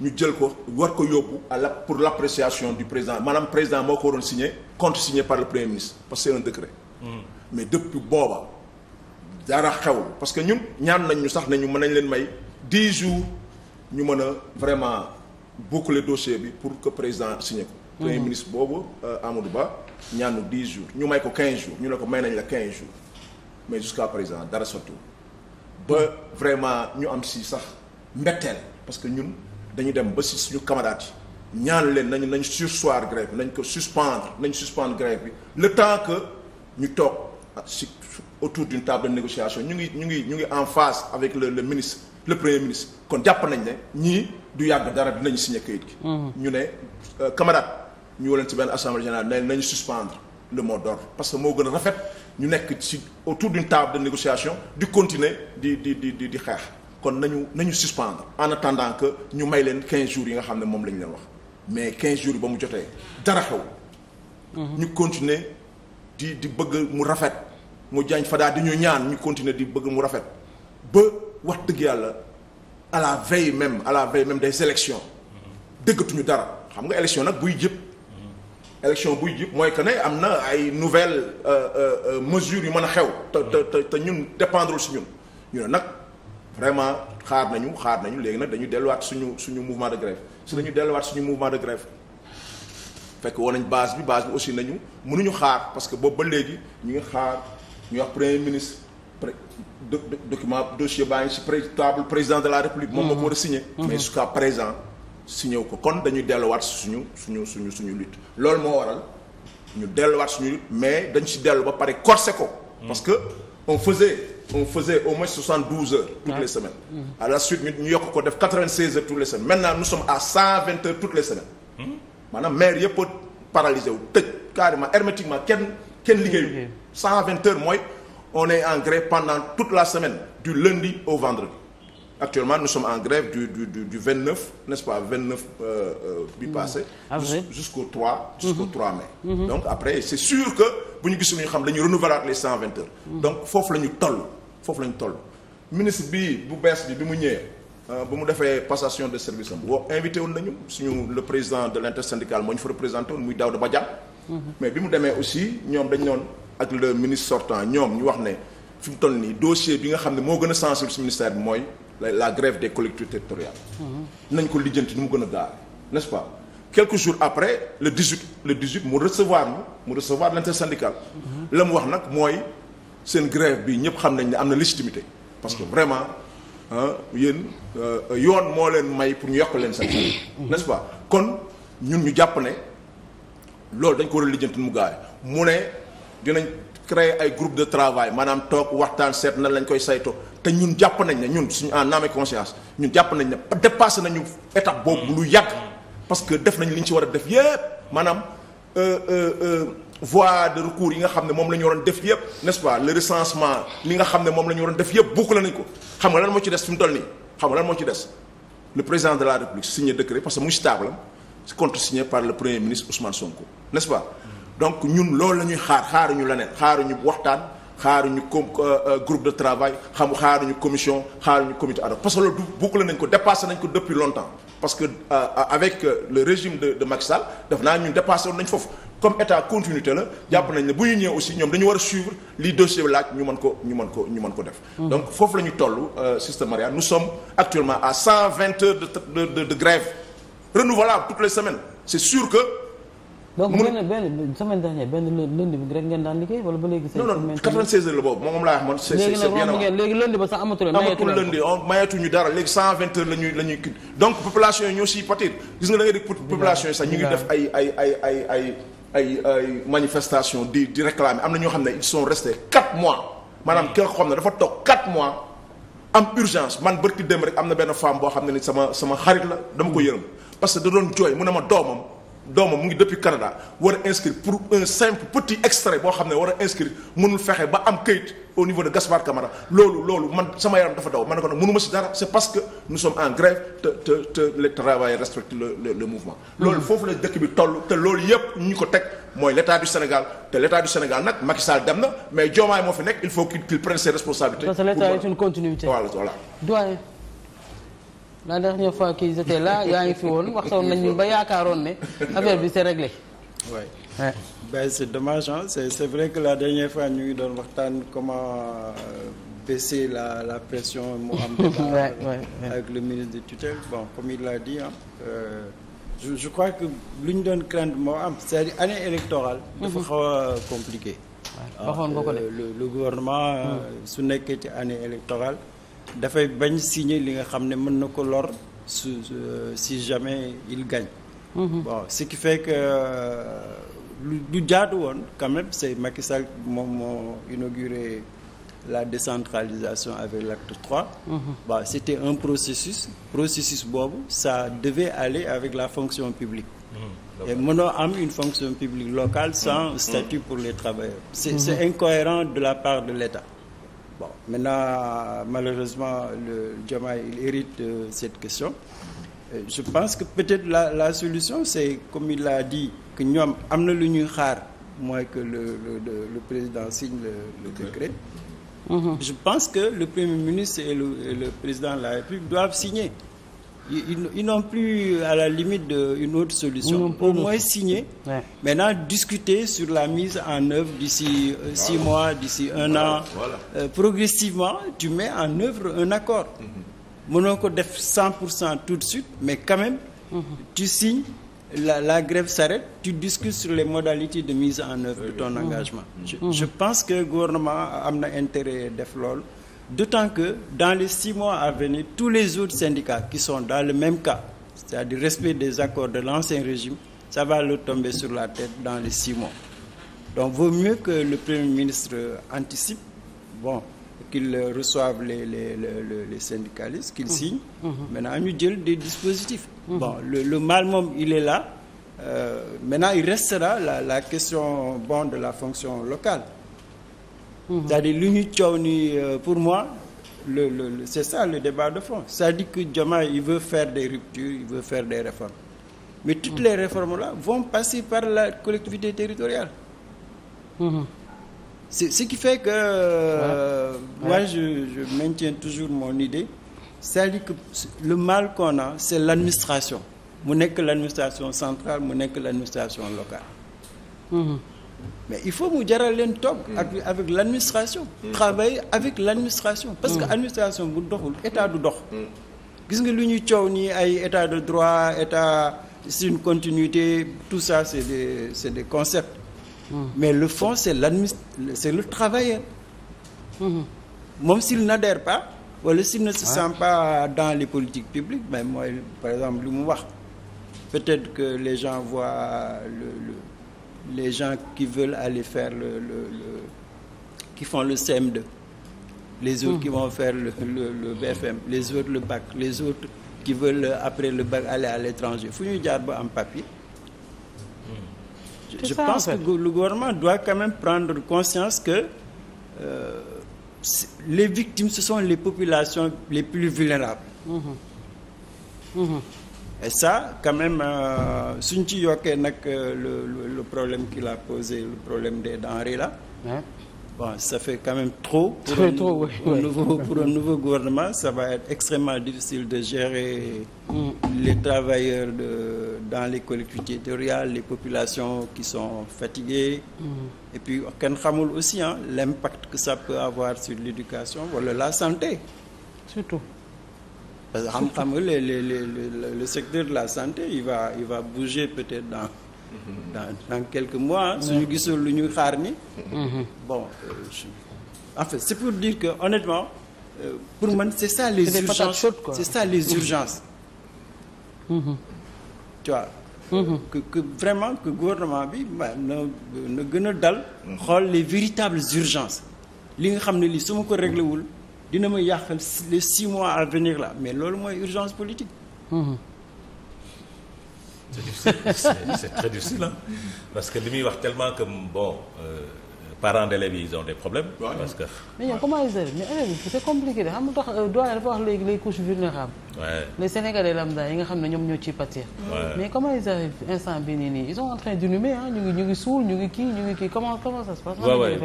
ñu jël ko war ko yóbbu à la pour l' appréciation du président maanaam président moo ko waroon signé contre signé par le premier ministre parce que c'est un décret. Hmm. mais depuis booba dara xew parce que ñun ñaan nañ ñu sax nañu mën nañ leen may 10 jours. ñu mën a vraiment boucler dossier bi pour que président signé ko. Mhm. premier ministre boobu euh, amadu Ba ñaanu 10 jours ñu may ko 15 jours ñu ne ko may nañ la 15 jours mais jusqu'à présent dara sotti ba vraiment ñu am si sax mbetteel parce que ñun dañu dem ba si suñu camarades yi ñaan leen nañ nañ surseoir grève bi nañ ko suspendre nañ suspendre grève bi le temps que ñu toog ah, si autour d'une table de négociation ñu ngi ñu ngi ñu ngi en phase avec le le ministre. le premier ministre kon jàpp nañ ne ñii du yàgg dara dinañ signé kayit gi. Mhm. ñu ne euh, camarade ñu leen ci benn assemblée générale ne nañ suspendre le moo dor parce que moo gën a rafet ñu nekk ci autour d'une table de négociation di continuer di di di di di xeex kon nañu nañu suspendre en attendant que ñu may leen 15 jours yi nga xam ne moom lañu leen wax mais quinze jours yi ba mu jotee dara xew. Mhm. ñu continuer di di bëgg mu rafet mu jaañ fadaa di ñu ñaan ñu continuer di bëgg mu rafet wax dëgg yàlla à la veille même à la veille même des élections dëggatuñu dara xam nga élection nag buy jëpp élection buy jëpp mooy que ne am na ay nouvelles euh, euh, euh, mesures yu mën a xew te te te ñun dépendre si ñun ñu ne nag vraiment xaar nañu xaar nañu léegi nag dañu delluwaat suñu suñu mouvement de grève su ñu delluwaat suñu mouvement de grève fekk woon nañ base bi base bi aussi nañu mënuñu xaar parce que boobu ba léegi ñu ngi xaar ñu wax premier ministre document dossier baa ngi si table président de la république. moom moo ko war a signé. Mm-hmm. mais jusqu'à présent signé wu ko kon dañuy delluwaat suñu suñu suñu suñu lutte. loolu moo waral ñu delluwaat suñu lutte mais dañ si dellu ba pare corsé ko. Mm. parce que on faisait on faisait au moins soixante douze heures. toutes les semaines. Mm-hmm. à la suite ñu yokk ko def quatre vingt seize heures toutes les semaines maintenant nous sommes à cent vingt heures toutes les semaines. Mm-hmm. maanaam maire yëpp a wu tëj carrément hermétiquement kenn kenn liggéeyu. cent vingt heures mooy. on est engrais pendant toute la semaine du lundi au vendredi actuellement nous sommes en grève du du du du 29 n'est-ce pas 29 euh, euh, bi mm. passé. avril ah jusqu'au 3. jusqu'au 3 mm-hmm. mai. Mm-hmm. donc après c'est sûr que bu ñu gis lu ñu xam dañuy renouveler les 120 heures. Mm. donc foofu la ñu toll foofu la ñu toll. ministre bi bu bees bi bi mu ñëwee euh, bu mu defee passation de service am woo invité woon nañu suñu le président de l'intersyndicale moo ñu fa représenté woon muy Daouda Badiane. Mm-hmm. mais bi mu demee aussi ñoom dañu noonu. ak le ministre sortant ñoom ñu wax ne fi mu toll nii dossier bi nga xam ne moo gën a sensible si ministère bi mooy la grève des collectivités territoriales. Mm-hmm. nañ ko lijjanti nu mu gën a gaar n'est-ce pas. quelques jours après le 18 le 18 mu recevoir mu recevoir l'intersyndicale. Mm-hmm. la mu wax nag mooy seen grève bi ñëpp xam nañ ne am na légitimité. parce que mm-hmm. vraiment yéen euh, yoon moo leen may pour ñu yokk leen seen n'est-ce pas kon ñun ñu jàpp ne loolu dañ ko war a mu ne. dinañ créer ay groupe de travail maanaam toog waxtaan seet nan lañ koy sayto te ñun jàpp nañ ne ñun suñu en âme et conscience ñun jàpp nañ ne dépassé nañu étape boobu lu yàgg parce que def nañ li ñu ci war a def yëpp maanaam euh, euh, euh, voie de recours yi nga xam ne moom la ñu waroon def yëpp n'est-ce pas le recensement li nga xam ne moom lañu ñu waroon def yëpp bouclé nañ ko xam nga lan moo ci des fi mu toll nii xam nga lan moo ci des le président de la république signé décret parce que mu ngi stable am contre signé donc ñun loolu la ñuy xaar xaaruñu leneen xaaruñu waxtaan xaaruñu com euh, euh, groupe de travail xamu xaaruñu commission xaaruñu comité ad hoc parce que loolu du boucler nañ ko dépassé nañ ko depuis longtemps parce que euh, euh avec le régime de de Macky Sall naa ñun dépassé nañ foofu comme état continuité la jàpp nañ ne bu ñu ñëwee aussi ñoom dañu war a suivre li dossier laaj ñu mën ko ñu mën ko ñu mën ko def. donc foofu la ñu toll système Maria nous sommes actuellement à cent vingt heures de de de grève renouvelable toutes les semaines c'est sûr que. donc benn benn semaine dernière benn lundi bi rek ngeen daan liggéey wala ba population yi ñoo siy patir gis nga da ngay population yi sax ñu ngi def ay ay ay ay ay manifestation di di am na ñoo xam ne ils sont restés 4 mois maanaam hmm. kër xam ne dafa toog 4 mois am urgence man bërki dem rek am na benn femme boo xam ne ni sama sama xarit la dama ko hmm. yërëm parce que da doon jooy mu a ma doomam doomam mu ngi depuis Canada war a inscrire pour un simple petit extrait boo xam ne war a inscrire mënul fexe ba am kayit au niveau de Gaspard Camara loolu loolu man sama yaram dafa daw ma ne ko nag mënuma si dara c'est parce que nous sommes en grève te te te les travailleurs le le, mouvement. loolu hmm. foofu la dëkk bi toll te loolu yëpp ñu ko teg mooy l'état du Sénégal te l'état du Sénégal nag Macky Sall dem na mais Diomaye moo fi nekk il faut qu'il prenne ses responsabilités. parce que l'état est une continuité. voilà la dernière fois qu'ils étaient là yaa ngi fi woon waxtaan nañ ñun ba yaakaaroon ne affaire bi c'est réglé. oui ben c'est dommage hein c'est vrai que la dernière fois ñu ngi doon waxtaan comment euh, baisser la la pression mo am. débat avec le ministre de tutelle bon comme il l'a dit euh, je je crois que lu ñu doon craindre mo am c'est-à-dire année électorale. dafa mhm. xaw a compliqué. waxoon nga ko de le gouvernement. Mm. Euh, su nekkee ci année électorale. dafay bañ signer li nga xam ne mën na ko lor su si jamais il gagne. Mmh. bon ce qui fait que euh, lu jaadu woon quand même c'est Macky moom moo inauguré la décentralisation avec l'acte mhm. c'était un processus processus boobu ça deve aller avec la fonction publique e et mënoo am une fonction publique locale sans mhm. statut pour les travailleurs c'est incohérent de la part de l'État Bon, maintenant, malheureusement, le Diomaye, il hérite de cette question. Euh, je pense que peut-être la, la solution, c'est, comme il l'a dit, que nous avons l'union rare, moins que le, le, le, président signe le, le décret. Mm Je pense que le Premier ministre et le, et le président de la République doivent signer. Ils, ils n'ont plus, à la limite, de, autre solution. Au moins signer. mais Maintenant, discuter sur la mise en œuvre d'ici euh, six voilà. mois, d'ici un an. Voilà. Euh, progressivement, tu mets en œuvre un accord. Mhm. mënoo ko def 100% tout de suite mais quand même. Mm -hmm. tu signes la la grève s'arrête tu discutes sur les modalités de mise en œuvre de ton engagement. Mm je, pense que gouvernement am na intérêt def lool D'autant que dans les six mois à venir, tous les autres syndicats qui sont dans le même cas, c'est-à-dire respect des accords de l'ancien régime, ça va leur tomber sur la tête dans les six mois. Donc vaut mieux que le Premier ministre anticipe, bon, qu'il reçoive les, les, les, les syndicalistes, qu'il mmh. signe. Mmh. Maintenant, ñu jël des mmh. le, le mal moom il est là. Euh, maintenant, il restera la, la question bon de la fonction locale. Mhm. c'est-à-dire lu ñu coow euh, pour moi le le, le c'est ça le débat de fond c'est-à-dire que Diomaye il veut faire des ruptures il veut faire des réformes mais toutes mhm. les réformes là vont passer par la collectivité territoriale mhm. c'est ce qui fait que euh, moi je maintiens toujours mon idée c'est-à-dire que le l'administration mu nekk l'administration centrale mu nekk l'administration locale. Mmh. mais il faut mu jaral leen toog. Hmm. avec l' administration. Hmm. travailler avec l' administration. parce que hmm. administration bu doxul état du dox. gis nga lu ñuy coow nii ay état de droit état c'est une continuité tout ça c' est des est des concepts. mais le fond c' est l' est le travailleur. moom s'il n'adhère pas. wala s'il ne se sent pas dans les politiques publiques mais mooy par exemple lu mu wax peut-être que les gens voient le. les gens qui veulent aller faire le, le, le font le CM2, les autres mmh. qui hmm. vont faire le, le, BFM, les autres le bac, les autres qui veulent euh, après le bac aller à l'étranger. fu ñuy jaar ba am papier. je, je ça, pense que le gouvernement doit quand même prendre conscience que euh, les victimes, ce sont les populations les plus vulnérables. Hmm. Hmm. et ça quand même euh, suñ ci yokkee nag euh, le le problème qu'il a posé le problème des denrées là hein? bon ça fait quand même trop pour, un, nouveau, gouvernement ça va être extrêmement difficile de gérer mm. les travailleurs de dans les collectivités territoriales les populations qui sont fatiguées mm. et puis kenn xamul aussi hein l'impact que ça peut avoir sur l'éducation wala voilà, la santé surtout parce que xam-xam le le le le secteur de la santé il va il va bouger peut-être dans. dans dans quelques mois. suñu gisul lu ñuy xaar ni. Mm-hmm. bon euh, je... en fait c'est pour dire que honnêtement. Euh, pour man c'est ça les urgences c'est ça les mm-hmm. urgences. Mm-hmm. tu euh, que vraiment que gouvernement bi na na gën a dal. xool les véritables urgences. li nga xam ne lii su ma ko réglé wul. dina ma yàqal les six mois à venir là mais loolu mooy urgence politique. Mmh. c'est difficile c'est très difficile parce que li muy wax tellement que bon. Euh... parents d'élèves yi ils ont des problèmes. parce que comment les élèves mais élèves yi compliqué de xam nga tax euh, doyen dafa wax léegi les couches vulnérables. les sénégalais lambda yi nga xam ne ñoom ñoo ciy pâtir. mais comment ils arrivent instant bii nii nii ils sont en train d'inhumer ah ngi ñu ngi ngi kii comment comment ça se passe.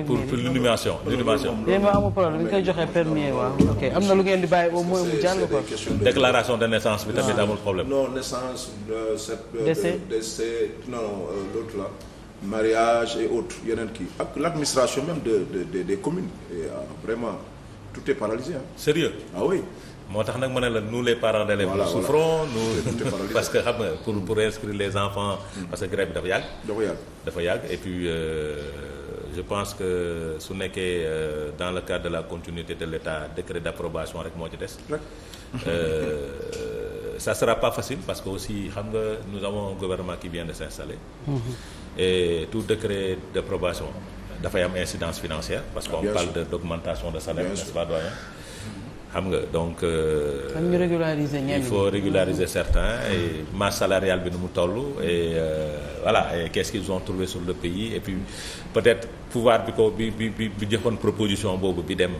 pour pour l'inhumation l'inhumation. ma amul problème ñu koy joxe permis waaw am na lu ngeen di bàyyi au moins mu jàll quoi. déclaration de naissance mariage et autres yeneen kii ak l'administration même de de des communes et euh, vraiment tout est paralysé ah. sérieux moo tax nag ma ne la nous les parents d'élèves nous souffrons nous parce que xam nga pour pour inscrire les enfants. Mm. parce que grève bi dafa yàgg. dafa yàgg dafa yàgg et puis euh, je pense que su nekkee euh, dans le cadre de la continuité de l'État décret d'approbation rek moo ci des. ça sera pas facile parce que aussi xam nga nous avons un gouvernement qui vient de s'installer mhm. et tout décret de probation dafay am incidence financière parce que on parle de d'augmentation de salaire xam nga donc euh, il faut régulariser certains et masse salariale bi nu mu toll et euh, voilà et qu'est-ce qu'ils ont trouvé sur le pays et puis peut-être pouvoir bi ko bi bi bi joxoon proposition boobu bi dem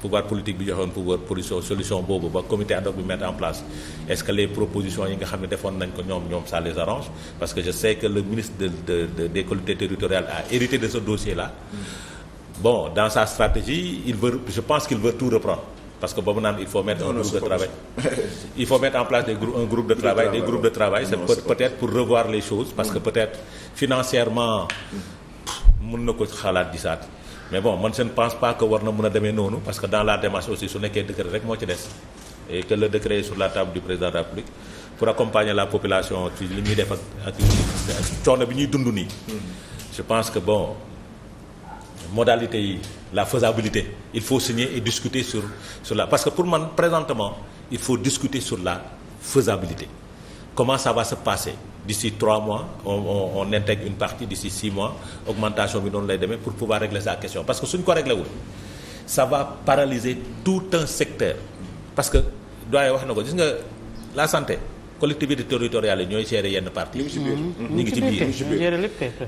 pouvoir politique bi joxoon pouvoir position solution boobu ba comité ad hoc bi mettre en place est-ce que les propositions yi nga xam ne defoon nañ ko ñoom ñoom ça les arrange parce que je sais que le ministre de de, de des collectivités a hérité de ce dossier là mm. bon dans sa stratégie il veut je pense qu'il veut tout reprendre parce que boobu naan il faut mettre non, un non, groupe de travail il faut mettre en place des groupes de travail des groupes mm. mm. na ko xalaat gisaat mais bon man je ne pense pas que war na mun a demee noonu parce que dans la démarche aussi su nekkee décret rek moo ci des et que le décret est sur la table du président de la République pour accompagner la population ci li ñuy def ak coono bi ñuy dund nii. je pense que bon modalité yi la faisabilité il faut signer et discuter sur sur la parce que pour man présentement il faut discuter sur la faisabilité. comment ça va se passer d'ici trois mois on, on, on intègre une partie d'ici six mois augmentation bi noonu lay demee pour pouvoir régler sa question parce que suñ ko réglé wul ça va paralyser tout un secteur parce que doyen wax na ko gis nga la santé collectivité territoriale yi ñooy gérer yenn partie. ñu ngi ci biir ñu ngi ci biir ñu ngi ci biir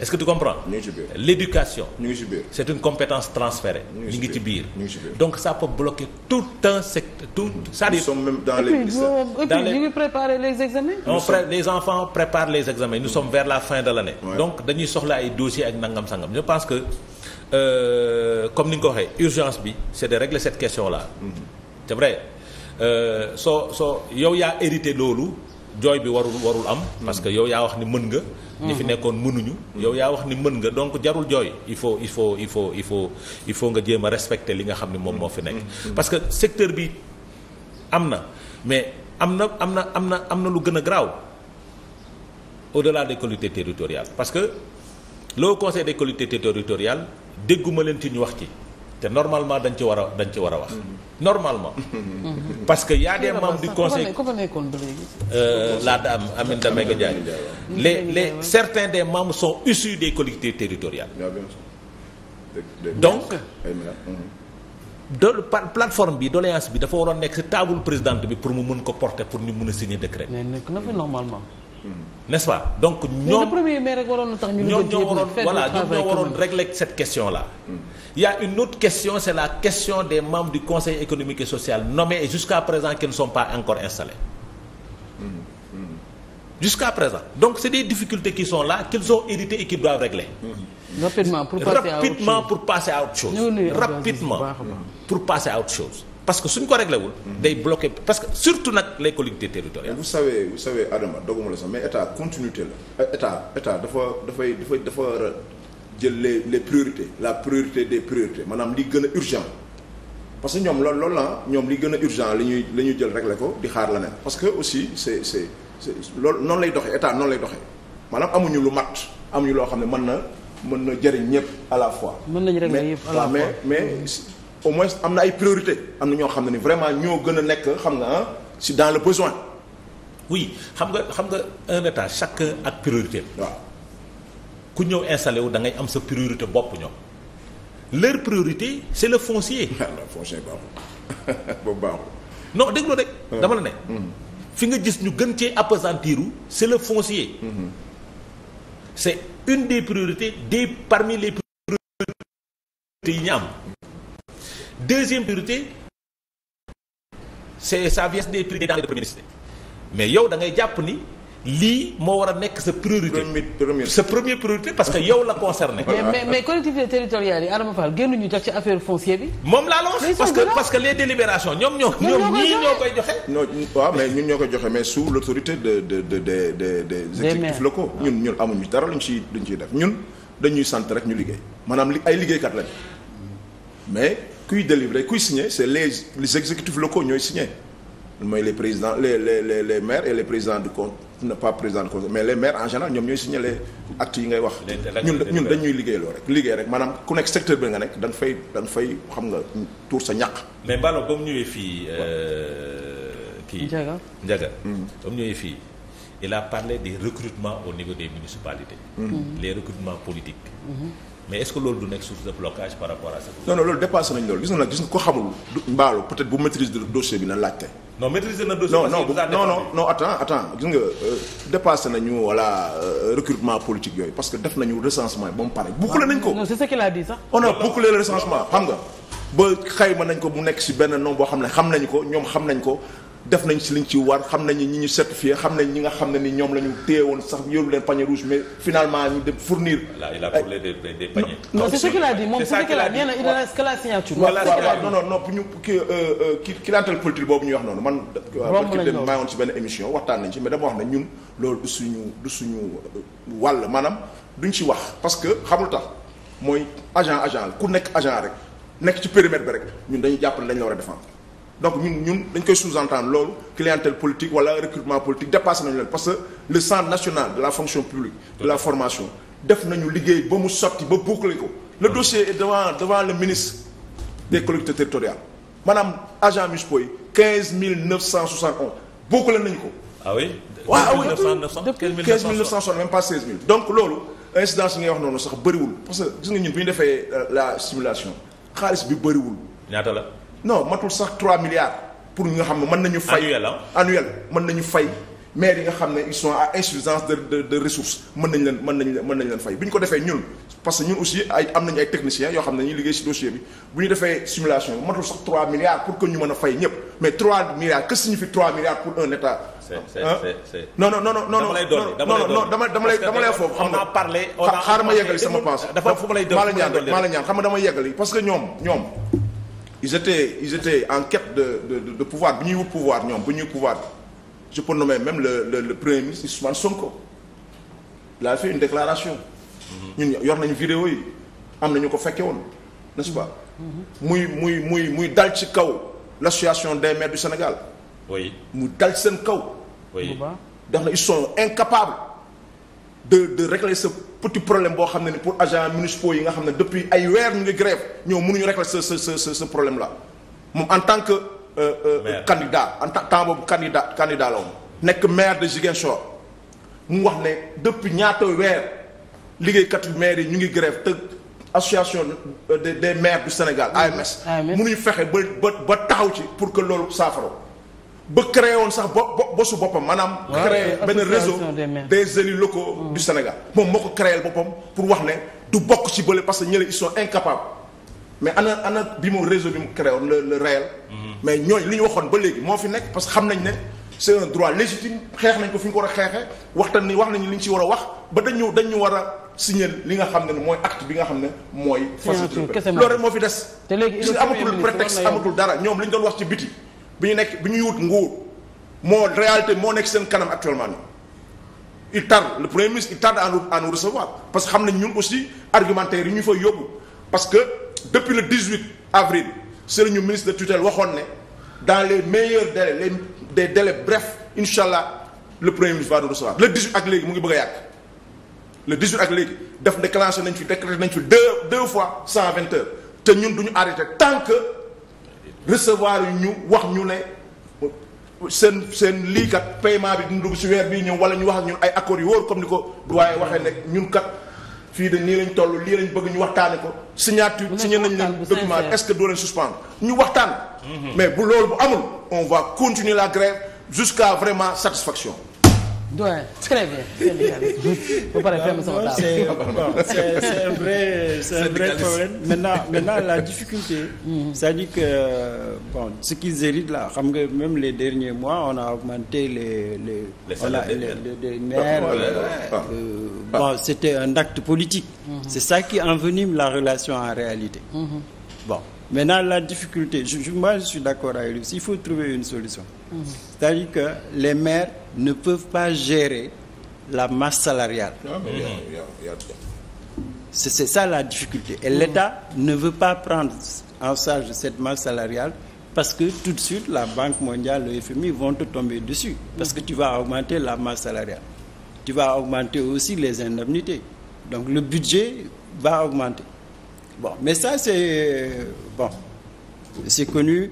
est-ce que tu comprends. ñu ngi ci biir l'éducation. ñu ngi ci biir c'est une compétence transférée. ñu ngi ci biir donc ça peut bloquer tout un secteur tout c'est-à-dire. nous sommes dans les dans les enfants préparent les examens nous mm. sommes vers la fin de l'année. donc dañuy soxla ay dossiers ak nangam sangam je pense que euh, comme ni nga ko waxee urgence bi c'est de régler cette question là. Mm. c'est vrai euh, soo soo yow yaa hérité loolu. jooy bi warul warul am. parce que yow yaa wax ni mën nga. ñi fi mm. nekkoon mënuñu. yow yaa wax ni mën nga donc jarul jooy il faut il faut il faut il faut il nga jéem a respecter li nga xam ni moom moo fi nekk. Mm. parce que secteur bi am na mais am na am na am na am na lu gën a graaw au-delà des collectivités territoriales parce que loo Haut Conseil des collectivités territoriales dégguma leen ci ñu wax ci. te normalement dañ ci war a dañ ci war a wax. normalement. parce que y a des membres du conseil. Euh, la dame Amine Damaga Ndiaye. les les certains des membres sont issus des collectivités territoriales. donc. do plateforme bi doléance bi dafa waroon nekk ci table présidente bi pour mu mën ko porte pour ñu mën a signer décret. mais nekk na fi n'est-ce pas donc. ñoom le waroon na tax ñu. ñoom ñoo waroon voilà ñoom ñoo waroon régler cette question là. il y a une autre question c'est la question des membres du conseil économique et social nommés et jusqu'à présent qui ne sont pas encore installés. jusqu'à présent donc c'est des difficultés qui sont là qu'ils ont héritées et qu'ils doivent régler. rapidement pour passer à autre chose rapidement pour passer à autre chose. parce que suñ ko réglé wul. Mhm. day bloqué parce que surtout nag les collectivités territoriales. vous savez vous savez Adama doguma la sax mais état continuité la. Euh, état état dafa dafay dafa dafa war a jël les les priorité la priorité des priorités maanaam li gën a urgent. parce que ñoom lool lool la ñoom li gën a urgent la ñuy la ñuy jël ko di xaar la ne parce que aussi c'est c'est c'est loolu noonu lay doxe état noonu lay doxe maanaam amuñu lu mat amuñu loo xam ne mën na mën na jëriñ ñëpp à la au moins am na ay priorité am na ñoo xam ne ni vraiment ñoo gën a nekk xam nga ah si dans le besoin. oui xam nga xam nga un chaque ak priorité waaw ku ñëw installé wu da ngay am sa priorité bopp ñoom leur priorité c'est le foncier. waaw foncier baaxul boobu baaxul. non dégloo ah. dama la ne. Hmm. fi nga gis ñu gën cee appesantiru c'est le foncier. Hmm. c'est une des priorités des parmi les priorités yi ñaam deuxième priorité c'est ça vient des prix mais yow da ngay jàpp ni lii moo war a nekk sa priorité. sa première priorité parce que yow la concerné. mais mais collectivités territoriales yi Adama Fall génnuñu jox ci affaire foncier bi. moom laa loon parce parce que les délibérations ñoom ñoo. ñoom ñii ñoo koy joxe. non waaw mais ñun ñoo koy joxe mais sous l'autorité de de de de de des exécutifs locaux ñun ñun amuñu dara luñ ciy luñ ciy def ñun dañuy sant rek ñu liggéey maanaam li ay liggéeykat lañ mais. kuy délivrer kuy signer c'est les les exécutifs locaux ñooy signer mooy les présidents les les les les maires et les présidents du con pas président du conseil mais les maires en ñoom ñooy signer les yi ngay wax. ñun dañuy liggéey loo rek liggéey rek maanaam ku nekk secteur bi nga nekk da fay da fay xam nga tuur sa ñàq. mais Mballo ba mu ñëwee fii euh, kii. Ndiaga Ndiaga. Hmm. ba mu ñëwee fii. il a parlé des recrutements au niveau des municipalités. Mm -hmm. les recrutements mais est-ce que loolu du nekk source de blocage par rapport à ça. non non loolu dépassé nañ loolu gis nga nag gis nga ko xamul mbaalu peut-être bu maîtrise de dossier bi na laajte. non maîtrise na dossier non non non non non attends attends gis nga euh, dépassé nañu voilà euh, recrutement politique yooyu parce que def nañu recensement ba mu pare. nañ ko non a dit oh sax. xam nga. ba xayma nañ ko mu nekk si benn nom boo xam ne xam nañ ko ñoom xam nañ ko def nañ si liñ ci war xam nañ ñi ñu certifié xam nañ ñi nga xam ne ni ñoom la téye woon sax yóbbu leen panier rouge mais finalement ñu dem fournir. voilà il a parlé des des paniers. non c'est ce qu'il a dit moom c'est ce qu'il a dit nee na il reste que boobu ñuy wax noonu man. romb nañ loolu maa ngi woon si benn émission waxtaan nañ ci mais dama wax ne ñun loolu du suñu du suñu euh, wàll maanaam duñ ci wax parce que xamul tax mooy agent agent ku nekk agent rek nekk ci périmètre bi rek ñun dañu jàpp ne dañ la war a défendre donc ñun ñun dañ koy sous-entendre loolu clientèle politique wala recrutement politique dépassé nañu leen parce le centre national de la fonction publique de la formation def nañu liggéey ba mu sotti ba boucler ko le dossier est devant devant le ministre des collectivités territoriales maanaam agent municipaux yi 15 971 boucler nañu ko. ah oui waaw ah oui 15 900 même pas 16 000 donc loolu incidence yi ngay wax noonu sax bariwul parce que gis nga ñun bu ñu defee euh, la simulation xaalis bi bëriwul. ñaata la. non matul sax 3 milliards pour ñu nga xam ne mën nañu. fay annuel annuel mën nañu fay maire yi nga xam ne insuffisance de de de ressources mën nañ leen mën nañ leen mën nañ fay bu ñu ko defee ñun parce que ñun aussi ay am nañu ay techniciens yoo xam ne ñuy liggéey ci dossier bi bu ñu defee simulation matul sax 3 milliards pour que mën a fay ñëpp mais 3 milliards que signifie 3 milliards pour un état. c'est c'est non non non dama dama lay dama lay foofu xam nga parlé ils étaient ils étaient en quête de de de pouvoir bi ñuy wut pouvoir ñoom bu ñuy pouvoir je peux nommer même le le le premier ministre Ousmane Sonko il a fait une déclaration. ñun yor nañu vidéo yi am na ñu ko fekkee woon n'est-ce pas. muy muy muy muy dal ci kaw l'association des maires du Sénégal. oui mu dal ci seen kaw. oui ndax na ils sont incapables. de de régler ce petit problème boo xam ne ni pour agents municipaux yi nga xam ne depuis ay weer ñu ngi grève ñoom mënuñu régler ce ce ce ce problème là moom en tant que. Euh, euh, candidat en tant bu candidat candidat la woon. nekk maire de Ziguinchor mu wax ne depuis ñaata weer liggéeykatu maire yi ñu ngi grève te association euh, des des maire du Sénégal. AMS mënuñu fexe ba ba ba taxaw ci pour que loolu saafara. ba créé woon sax bo bo bosu boppam maanaam. créé benn réseau des élus locaux mm. du Sénégal moom moo ko créé boppam pour wax ne du bokk ci bële parce que ñële ils sont incapables mais ana ana bi mu réseau bi mu créé woon le le réel. Mm-hmm. mais ñooñu li ñu waxoon ba léegi moo fi nekk parce que xam nañ ne c' est un droit légitime xeex nañ ko fi ñu ko war a xeexee waxtaan ni wax nañu li ñu ci war a wax ba dañu dañu war a signer li nga xam ne mooy acte bi nga xam ne mooy. signature loolu rek moo fi des. te léegi amatul prétexte amatul dara ñoom li doon wax ci biti. bi ñu nekk bi ñuy wut nguur moo réalité moo nekk seen kanam actuellement nii il tarde le premier ministre il tarde à nous à nous recevoir parce que xam nañ ñun aussi argumentaire yi ñu fa yóbbu parce que depuis le 18 avril ñu ministre de tutelle waxoon ne dans les meilleurs délais les des délais brefs incha allah le premier ministre va nous recevoir le 18 ak léegi mu ngi bëgg a yàgg le 18 ak léegi def déclenché nañ fi décrété nañ fi de deux fois 120 heures te ñun du tant que. recevoir ñu wax ñu ne seen seen lii kat paiement bi dina dugg si weer bii ñëw wala ñu wax ak ñun ay accords yu comme ni ko doyen waxee nekk ñun kat fii de nii lañ toll lii lañ bëgg ñu waxtaane ko signature signé nañ leen document est-ce que doo leen suspendre ñu waxtaan mm-hmm. mais bu loolu bu amul on va continuer la grève jusqu'à vraiment satisfaction doyen très bien ba pare c'est un vrai c'est un vrai problème maintenant maintenant la difficulté c'est-à-dire mm. ce qu'ils héritent là xam nga même les derniers mois on a augmenté les les les euh, euh, bon c'était un acte politique mm-hmm. c'est ça qui envenime la relation en réalité mm-hmm. bon mais Maintenant, la difficulté, je, je, moi je suis d'accord avec lui, il faut trouver une solution. Mhm. C'est-à-dire que les maires ne peuvent pas gérer la masse salariale. Mmh. C'est ça la difficulté. Et mhm. l'État mmh. ne veut pas prendre en charge cette masse salariale parce que tout de suite, la Banque mondiale, le FMI vont te tomber dessus parce que mhm. tu vas augmenter la masse salariale. Tu vas augmenter aussi les indemnités. Donc le budget va augmenter. Bon, mais ça, c'est. Bon, c'est connu.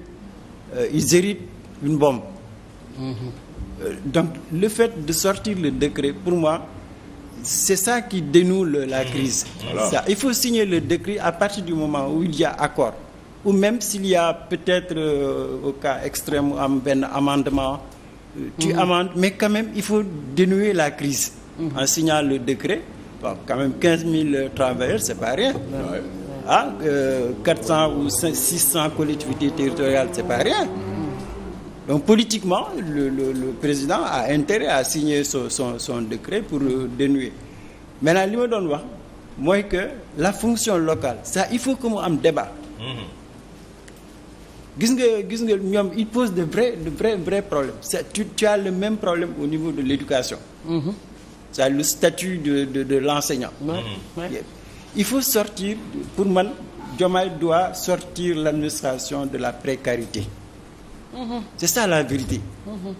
Euh, ils héritent une bombe. Mhm. Euh, donc, le fait de sortir le décret, pour moi, c'est ça qui dénoue le, la mhm. crise. Voilà. Ça, il faut signer le décret à partir du moment où il y a accord. Ou même s'il y a peut-être, euh, au cas extrême, un amendement, euh, tu mmh. amendes, mais quand même, il faut dénouer la crise mhm. en signant le décret. Bon, quand même 15 000 travailleurs, c'est pas rien. ah euh, 400 ou 500, 600 collectivités territoriales c'est pas rien donc politiquement le, président a intérêt à signer son son, son décret pour euh, dénouer maintenant li ma doon wax mooy que la fonction locale ça il faut que mu am débat gis nga gis nga ñoom il pose de vrais de vrais vrais problèmes c'est tu, tu le même problème au niveau de l'éducation mm -hmm. c'est le statut de l'enseignant il faut sortir pour man Diomaye doit sortir l'administration de la précarité mmh. c'est ça la vérité mhm.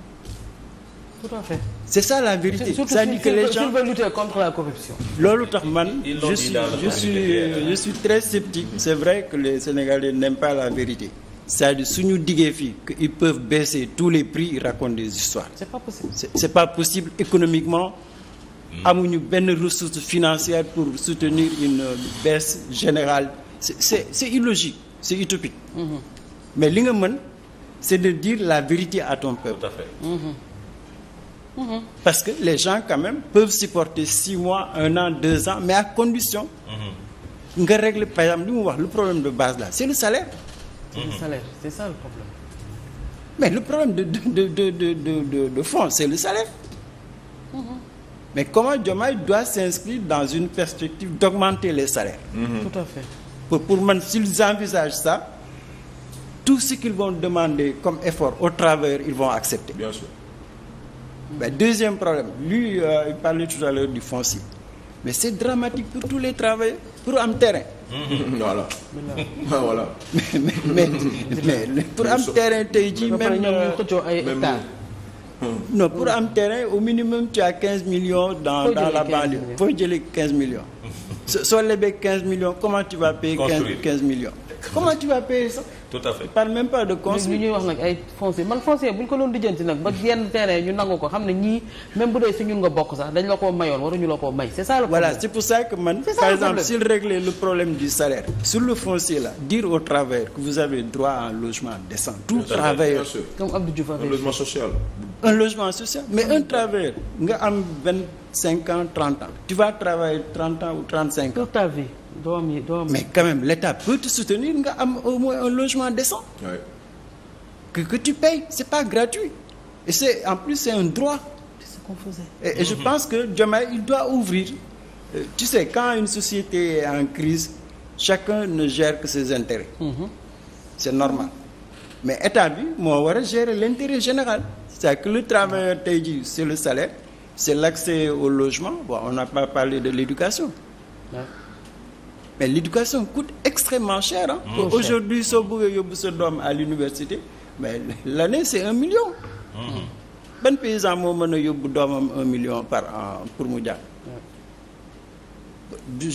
tout à fait c'est ça la vérité c'est-à-dire que les gens lutter contre la corruption loolu tax man je suis je suis euh, je suis très sceptique c'est vrai que les Sénégalais n'aiment pas la vérité c'est-à-dire suñu diggee fii que ils peuvent baisser tous les prix ils racontent des histoires c'est c'est pas possible économiquement amuñu benn ressource financière pour soutenir une baisse générale c'est c'est, illogique c'est utopique mhm. mais li nga man c'est de dire la vérité à ton peuple. Mhm. Mhm. parce que les gens quand même peuvent supporter six mois un an deux ans mais à condition nga régler par exemple li mu wax le problème de base là c'est le salaire c'est le salaire c'est mais le problème de de de c'est le salaire mais comment Diomaye doit s'inscrire dans une perspective d'augmenter les salaires mhm. pour pour man s'ils envisagent ça tout ce qu'ils vont demander comme effort au travailleurs ils vont accepter bien sûr mais deuxième problème lui euh, il parlait tout à l'heure du foncier mais c'est dramatique pour tous les travailleurs pour am terrain mhm. mais mais pour am terrain tey jii même non pour am terrain au minimum tu as quinze millions dans dans la banlieue foo jëlee quinze millions soo lebee quinze millions comment tu vas payer quinze quinze millions comment tu vas payer ça. tout à fait par même pas de conseil. ñuy wax nag ay foncier man foncier bu ñu ko doon lijjanti nag ba yenn terrain ñu nangu ko xam ne ñii même bu dee si ñun nga bokk sax dañ la ko mayoon waruñu la koo may c'est ça le problème. voilà c'est man. par exemple s'il le problème du salaire. sur le foncier là dire aux travailleurs que vous avez droit à un logement décent. tout travailleur comme Abdou Diouf un logement social. un logement social mais un doomi doomi mais quand même l'État peut te soutenir nga am au moins un logement décent oui. que que tu payes c'est pas gratuit et c'est en plus c'est un droit et, je mhm. pense que Diomaye il doit ouvrir euh, tu sais quand une société est en crise chacun ne gère que ses intérêts mm-hmm. c'est normal mais état bi moo war a gérer l'intérêt général c'est-à-dire que le travailleur tey jii c'est le salaire c'est l'accès au logement bon on n'a pas parlé de l'éducation ouais. mais l'éducation coûte extrêmement cher ah mmh. aujourd'hui soo bëggee yóbbu sa doom à l'université mais l'année c'est un million mmh. ban paysan moo mën a yóbbu doomam un million par an pour mu jàng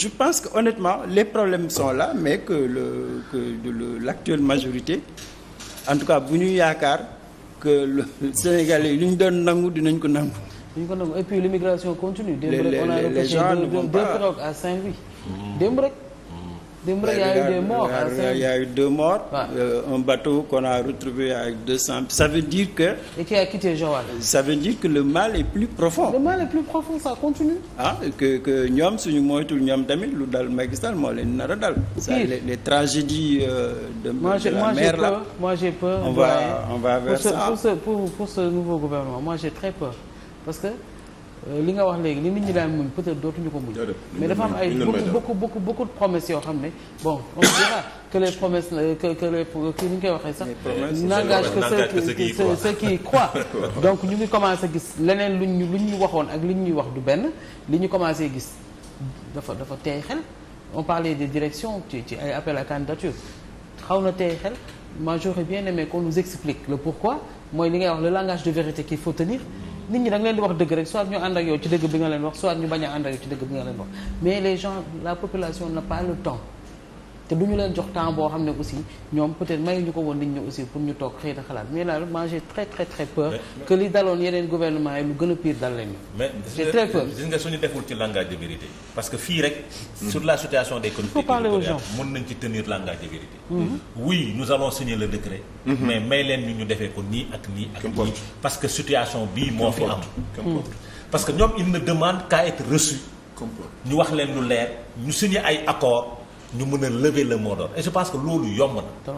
je pense que honnêtement les problèmes sont la mais que le que l'actuelle majorité en tout cas bu ñu yaakaar que le Sénégalais lu ñu doon nangu dinañ ko nangu. dinañ ko nangu et puis l'immigration continue. les à Saint-Louis mmh. rek. démb rek y a eu des morts. Il y a eu deux morts. Euh, un bateau qu'on a retrouvé avec 200. Ça veut dire que. et qui a quitté Joal. ça veut dire que le mal est plus profond. le mal est plus profond ça continue. ah que que ñoom suñu moytul ñoom tamit lu dal Macky Sall moo leen nar a dal. ça les les tragédies euh, de. de la mer là moi j'ai peur moi j'ai peur. on va on va vers ça pour ce pour ce nouveau gouvernement moi j'ai très peur parce que. Euh, li nga wax léegi li nit ñi daan muñ peut-être dootuñu ko muñ mais dafa am ay beaucoup beaucoup beaucoup de promesses yoo xam ne bon on dira que les promesses euh, que que les ki ni ñu koy waxee sax n'engage que donc ñu ngi commencé gis leneen luñ ñu lu ñuy waxoon ak liñ ñuy wax du benn li ñu commencé gis dafa dafa teey xel on parlait de direction ci ci ay appel à candidature xaw na teey xel moi j'aurais bien aimé qu'on nous explique le pourquoi mooy li ngay wax le langage de vérité qu'il faut tenir nit ñi da leen di wax dëgg rek soit ñu ànd ak yow ci dëgg bi nga leen wax soit ñu bañ a ànd ak yow ci dëgg bi nga leen wax mais les la population n'a pas le temps te du ñu leen jox temps boo xam ne aussi ñoom peut-être mayuñu ko woon nit ñi aussi pour ñu toog xëy na xalaat mais là moi très très très peur. que li daloon yeneen gouvernement yi lu gën a pire dal leen. mais j'ai très peur gis fii rek. sur la situation des collectivités territoriales mën nañ ci tenir langage de vérité. Mm-hmm. oui nous allons mm-hmm. mais may leen ñu ñu defee ko nii ak nii ak parce que situation bii moo fi am. Mm. parce que ñoom il ne demande qu'à être reçu. ñu wax leen lu leer ñu signer ay accords. ñu mun a lever le mot d'ordre et je parce que loolu yomb na.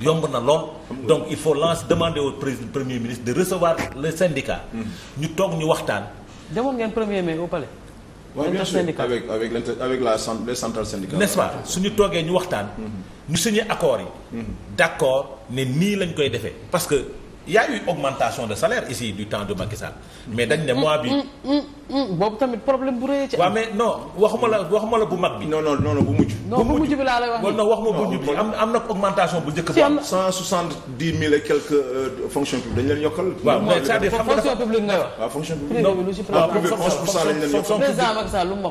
yomb na lool donc il faut lance demander au président premier ministre de recevoir le syndicat. Mm-hmm. ñu toog ñu waxtaan. demoon ngeen premier mai au palais. Oui, bien sûr avec la les centrales syndicales. n'est-ce pas su ñu toogee ñu waxtaan. Mm-hmm. ñu signé accord yi. Mm-hmm. d'accord ne nii lañ koy defe il y a eu augmentation de salaire ici du temps de Macky Sall. mais dañ ne mois bi. Mm, mm, mm, boobu tamit problème bu rëy ci am. non waxuma la waxuma la bu mag bi. non non bu mujj. bu mujj bi laa lay wax nii waxuma bu mujj bi am am na augmentation bu njëkk. ci am 170 000 et quelques euh, fonctions publiques dañ leen yokkal. waaw mais cest xam nga fonction publique nga wax. waaw fonction publique. privé bi lu ci président Macky Sall lu mu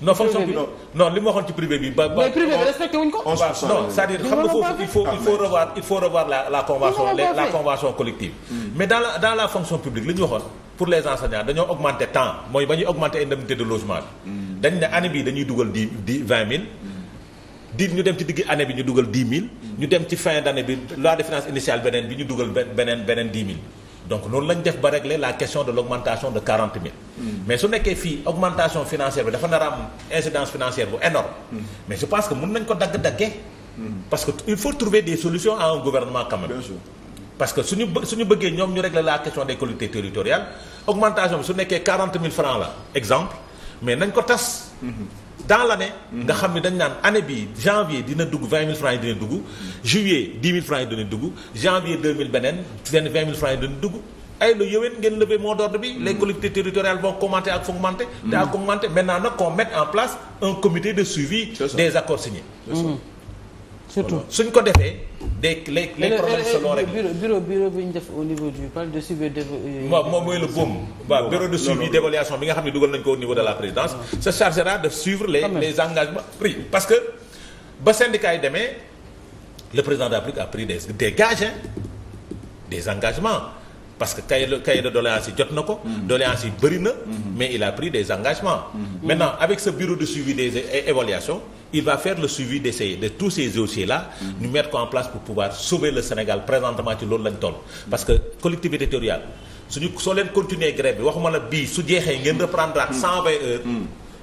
non fonction bi non non li ma waxoon ci privé bi. ba ba mais privé bi respecté wuñ ko. non cest à xam nga foofu il faut il faut revoir il faut revoir la la convention la convention collective. Mm. mais dans la fonction publique li ñu waxoon pour les enseignants dañoo augmenter temps mooy ba ñuy augmenter indemnité de logement mm. dañ ne année bii dañuy dugal di di vingt mille. Mm. di ñu dem ci digg anne bi ñu dugal dix mille. ñu dem ci fin d'année bi loi de finances initiale beneen bi ñu dugal beneen beneen dix mille. donc loolu lañu def ba regle la question de l' augmentation de 40 000. Mm. mais su nekkee fii augmentation financière bi dafa nar a am incidence financière bu énorme mm. mais je pense que mën nañ ko dagg dagge mm. parce que il faut trouver des solutions à gouvernement quand parce que suñu ñu suñu bëggee ñoom ñu régler la question des collectivités territoriales augmentation bi su nekkee 40 000 francs la exemple mais nañ ko tas. Mm-hmm. dans la ne nga xam ne dañ naan année bi janvier dina dugg vingt mille francs yi dina dugg. juillet dix mille francs yi dina dugg janvier deux mille beneen benn vingt mille francs yi dina dugg. ay la yëwén ngeen lever mot d'ordre bi les collectivités territoriales vont commenter ak fomenter te mm. ak commenter maintenant nag qu'on mette en place un comité de suivi des accords signés surtout suñ ko defee. des les les problèmes seront réglés. bureau bureau bi ñu def au niveau du pal de euh, mooy le BOM. waaw bureau de suivi d'évaluation bi nga xam ne dugal nañ ko au niveau de la présidence. se ah. chargera de suivre les les engagements pris parce que ba syndicat yi demee le président de la République a pris des des gages des engagements. parce que cahier de cahier yi jot na ko. Mhm. doléances yi bëri na. Mhm. mais il a pris des engagements. Mhm. maintenant avec ce bureau de suivi des évaluations il va faire le suivi de ces de tous ces dossiers là. ñu mettre ko en place pour pouvoir sauver le Sénégal présentement ci loolu lañ toll. parce que collectivité territoriale suñu soo leen continuer grève bi waxuma la bii su jeexee ngeen reprendre ak 120 heures.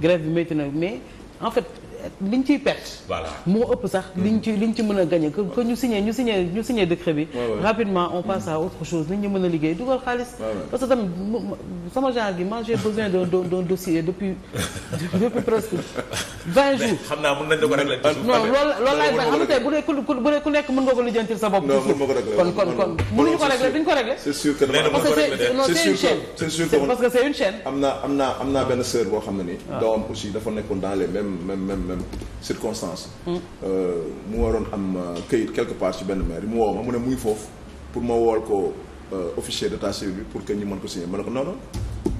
grève bi métti na mais en fait liñ ciy perte. voilà moo ëpp sax liñ ci liñ ci mën a gagné que ñu signé ñu signé ñu signé décret bi. rapidement on passe à autre chose nit ñi mën a liggéey dugal xaalis. parce que sama genre gi man j'ai besoin d'un d'un dossier depuis depuis presque vingt jours. xam naa mën nañ la ko régler. non loolu loolu xam tey bu dee ku bu dee ku ko lijjantil sa bopp. non ko régler kon kon kon ko régler duñu ko régler. c'est sûr que c'est sûr que parce que c'est une même circonstance euh, mu waroon am euh, këyit quelque part ci benn maire mu woo ma mu ne muy foofu pour ma wool ko euh, officier d'état civil bi pour que ñu mën ko signer ma ne ko non non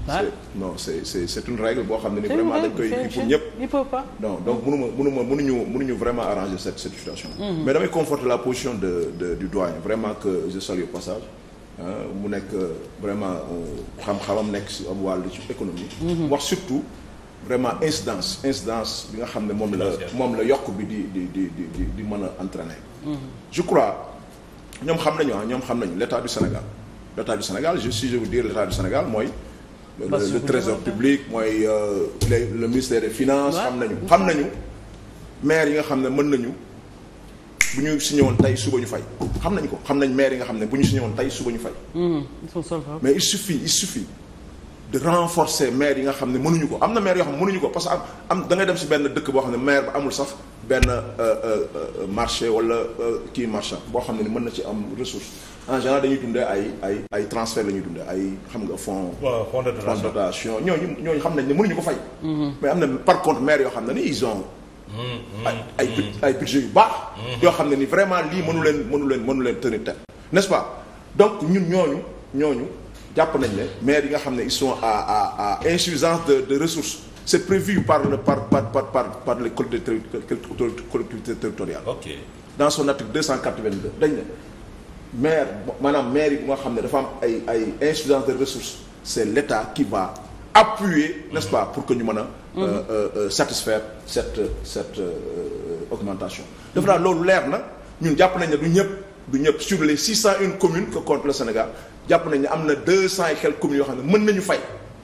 ah. non c'est une règle boo xam ne ni vraiment dañ koy kii pour ñëpp non donc mënuma mënuma mënuñu mënuñu vraiment arranger cette cette situation mm-hmm. mais damay conforter la position de de du doyen vraiment que je salue au mu nekk vraiment xam-xamam nekk si am wàllu ci économie mm-hmm. wax surtout vraiment incidence incidence bi nga xam ne moom la moom la yokk bi di di di di di mën a entraîner mhm. je crois ñoom xam nañu ah ñoom xam nañu l'état du Sénégal l'état du Sénégal je si je veux dire l'état du Sénégal mooy Le, le trésor public mooy euh, le le ministère des finances. xam nañu xam nañu maire yi nga xam ne mën nañu bu ñu signé woon tey suba ñu fay. xam nañ ko xam nañ maire yi nga xam ne bu ñu si woon tey suba ñu fay. Mhm. mais il suffit il suffit. de renforcer maire yi nga xam ne mënuñu ko am na maire yoo xam ne mënuñu ko parce que am am dem si benn dëkk boo xam ne maire ba amul sax benn euh, euh, euh, marché wala kii marchand boo xam ne ni mën na ci am ressource en dañuy dundee ay ay ay transfert la ñuy dundee ay xam nga fonds. fonds de dotation ñooñu ñooñu xam nañ ne mënuñu ko fay. Mm-hmm. mais am na par contre maire yoo xam ne ni ils ont. Mm-hmm. ay ay mm-hmm. ay budget yu baax. yoo xam ne ni vraiment lii mënu leen mënu leen mënu leen tenir tête nest pas donc ñun ñooñu ñooñu. jàpp nañ ne maires yi nga xam ne ils à à à insuffisance de de ressources c'est prévu par le par par par par par les collectivités territoriales. ok dans son article 282 dañ ne maire maanaam maire yi bu nga xam ne dafa am ay ay insuffisance de ressources c'est l'État qui va appuyer n'est-ce pas pour que ñu mën a. Mhm. Euh, euh, euh, satisfaire cette cette augmentation. defe naa loolu leer na ñun jàpp nañ ne du ñëpp. du ñëpp sur les 601 communes que compte le Sénégal jàpp nañ am na 200 et quelques communes yoo xam ne mën nañu fay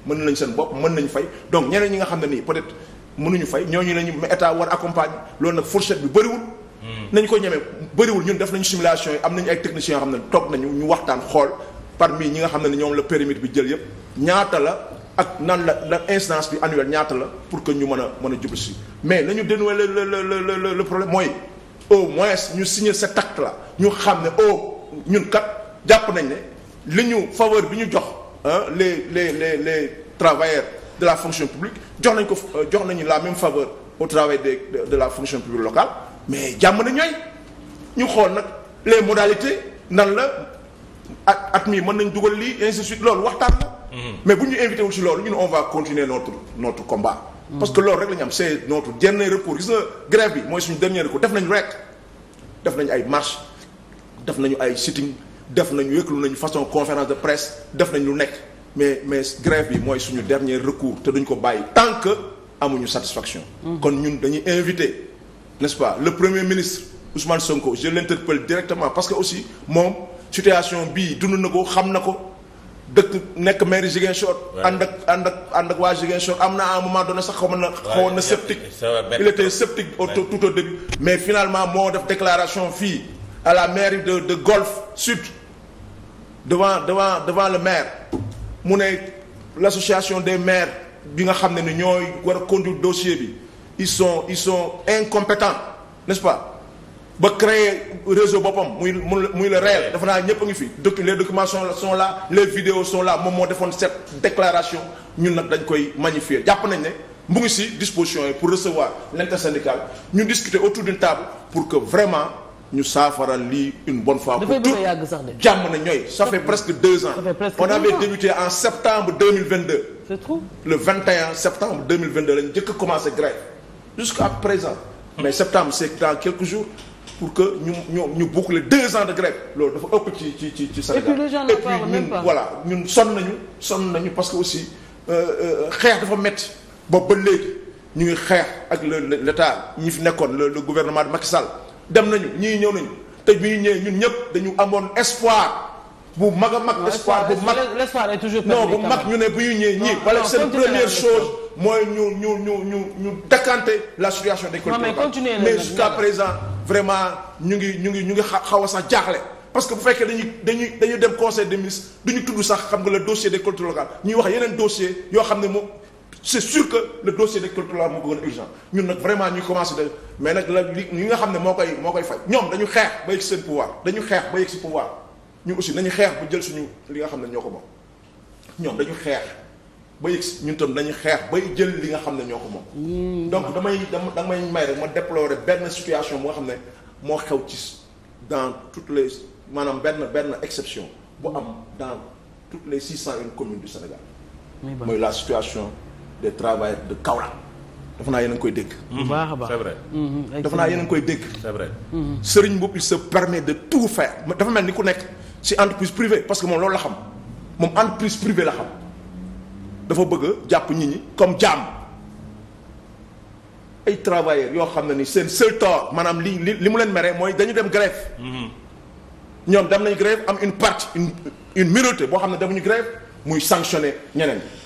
mën nañ seen bopp mën nañu fay donc ñeneen ñi nga xam ne nii peut-être mënuñu fay ñooñu lañu mais état war accompagner loolu nag fourchette bi bëriwul. Hmm. nañ ko ñemee bëriwul ñun def nañu simulation yi am nañu ay techniciens yoo xam ne toog nañu ñu waxtaan xool parmi ñi nga xam ne ñoom la périmètre bi jël yëpp ñaata la ak nan la la incidence bi annuelle ñaata la pour que ñu mën a mën a jublu si mais nañu dénouer le le le problème mooy. au moins ñu signer cet acte la ñu xam ne oh ñun kat jàpp nañ ne li ñu faveur bi ñu jox les les les les travailleurs de la fonction publique jox nañ ko euh, jox nañu la même faveur au travail de de la fonction publique locale mais jàmm na ñooy ñu xool nag les modalités nan la at at mii mën nañ dugal lii ainsi loolu waxtaan la mm-hmm. mais bu ñu invité wu si loolu ñun on va continuer notre notre combat parce que loolu rek la am c' est notre dernier recours gis nga grève bi mooy suñu dernier recours def nañ rek def nañu ay marche def nañu ay sitting def nañu yëkkalu nañu façon conférence de presse def nañ lu nekk mais mais grève bi mooy suñu dernier recours te duñ ko bàyyi tant que amuñu satisfaction. Mm-hmm. kon ñun dañuy invité nest pas le premier ministre Ousmane Sonko je l'interpelle directement parce que aussi moom situation bii dund na ko xam na ko. dëkk nekk maire Ziguinchor. ànd ak ànd ak ànd ak waa Ziguinchor am na à un moment donné sax xaw ma na. xawoon na sceptique il était sceptique au tout au début. mais finalement moo def déclaration fii à la mairie de de Golf Sud devant devant devant le maire mu ne l' des maires bi nga xam ne ni ñooy war a conduire dossier bi ils sont ils sont incompétents nest pas. ba créer réseau boppam muy muy le réel dafa naa ñëpp a ngi fi docu les documents sont sont là les moom moo defoon cette déclaration ñun nag dañ koy magnifier jàpp nañ ne mu ngi si disposition yi pour recevoir l'intersyndicale ñu discuter autour d'une table pour que vraiment ñu saafara lii une bonne fois pour tout jàmm na ñooy ça fait presque deux ans on avait débuté en septembre 2022 c'est trop le 21 septembre 2022 lañu jëkk a commencé jusqu'à présent mais septembre jours pour que ñu ñu ñu boucler deux ans de grève loolu dafa ëpp ci ci ci ci Sénégal et puis ñun voilà ñun sonn nañu sonn nañu parce que aussi euh, euh, xeex dafa métti boobu ba léegi ñu ngi xeex ak le l'état ñi fi nekkoon le gouvernement de Macky Sall dem nañu ñii ñëw nañu te bi ñu ñëwee ñun ñëpp dañu amoon espoir bu mag a mag espoir bu mag l'espoir est toujours non bu mag ñu ne bu ñu ñëwee ñii wala seen première chose mooy ñu ñu ñu ñu ñu décanter la situation des collectivités mais jusqu'à présent vraiment ñu ngi ñu ngi ñu ngi xaw a sax jaaxle parce que bu fekkee dañuy dañuy dañuy dem conseil des ministres du ñu tudd sax xam nga la dossier des collectivités locales ñuy wax yeneen dossier yoo xam ne moom c' est sûr que le dossier des collectivités locales moo gën a ñun nag vraiment ñu commencé de mais nag la li ñi nga xam ne moo koy moo koy faj ñoom dañu xeex ba yegg seen pouvoir dañu xeex ba yegg si pouvoir ñu aussi nañu xeex bu jël suñu li nga xam ne ñoo ko ñoom dañu xeex. bay ñun tam dañuy xeex bay jël li nga xam ne ñoo ko moom. Mm. donc damay dama may may rek ma déplorer benn situation bu xam ne moo xew ci dans toutes les maanaam benn benn exception bu am dans toutes les six cent une communes du Sénégal. mooy la situation des travailleurs de Kaolack. dafa naa yéen a ngi koy dégg. Mm-hmm. bu a baax c'est vrai. Mm-hmm. dafa naa yéen a ngi koy dégg. c'est vrai. Mm-hmm. Serigne Mboup il se permet de tout faire dafa mel ni ku nekk ci entreprise privée parce que moom loolu la xam moom entreprise privée la xam. dafa bëgg a jàpp nit ñi comme jaam ay travailleurs yoo xam ne ni seen seul tort maanaam li li li mu leen mere mooy dañu dem grève mm-hmm. ñoom dem nañ grève am une partie une une minorité boo xam ne demuñu grève muy sanctionner ñeneen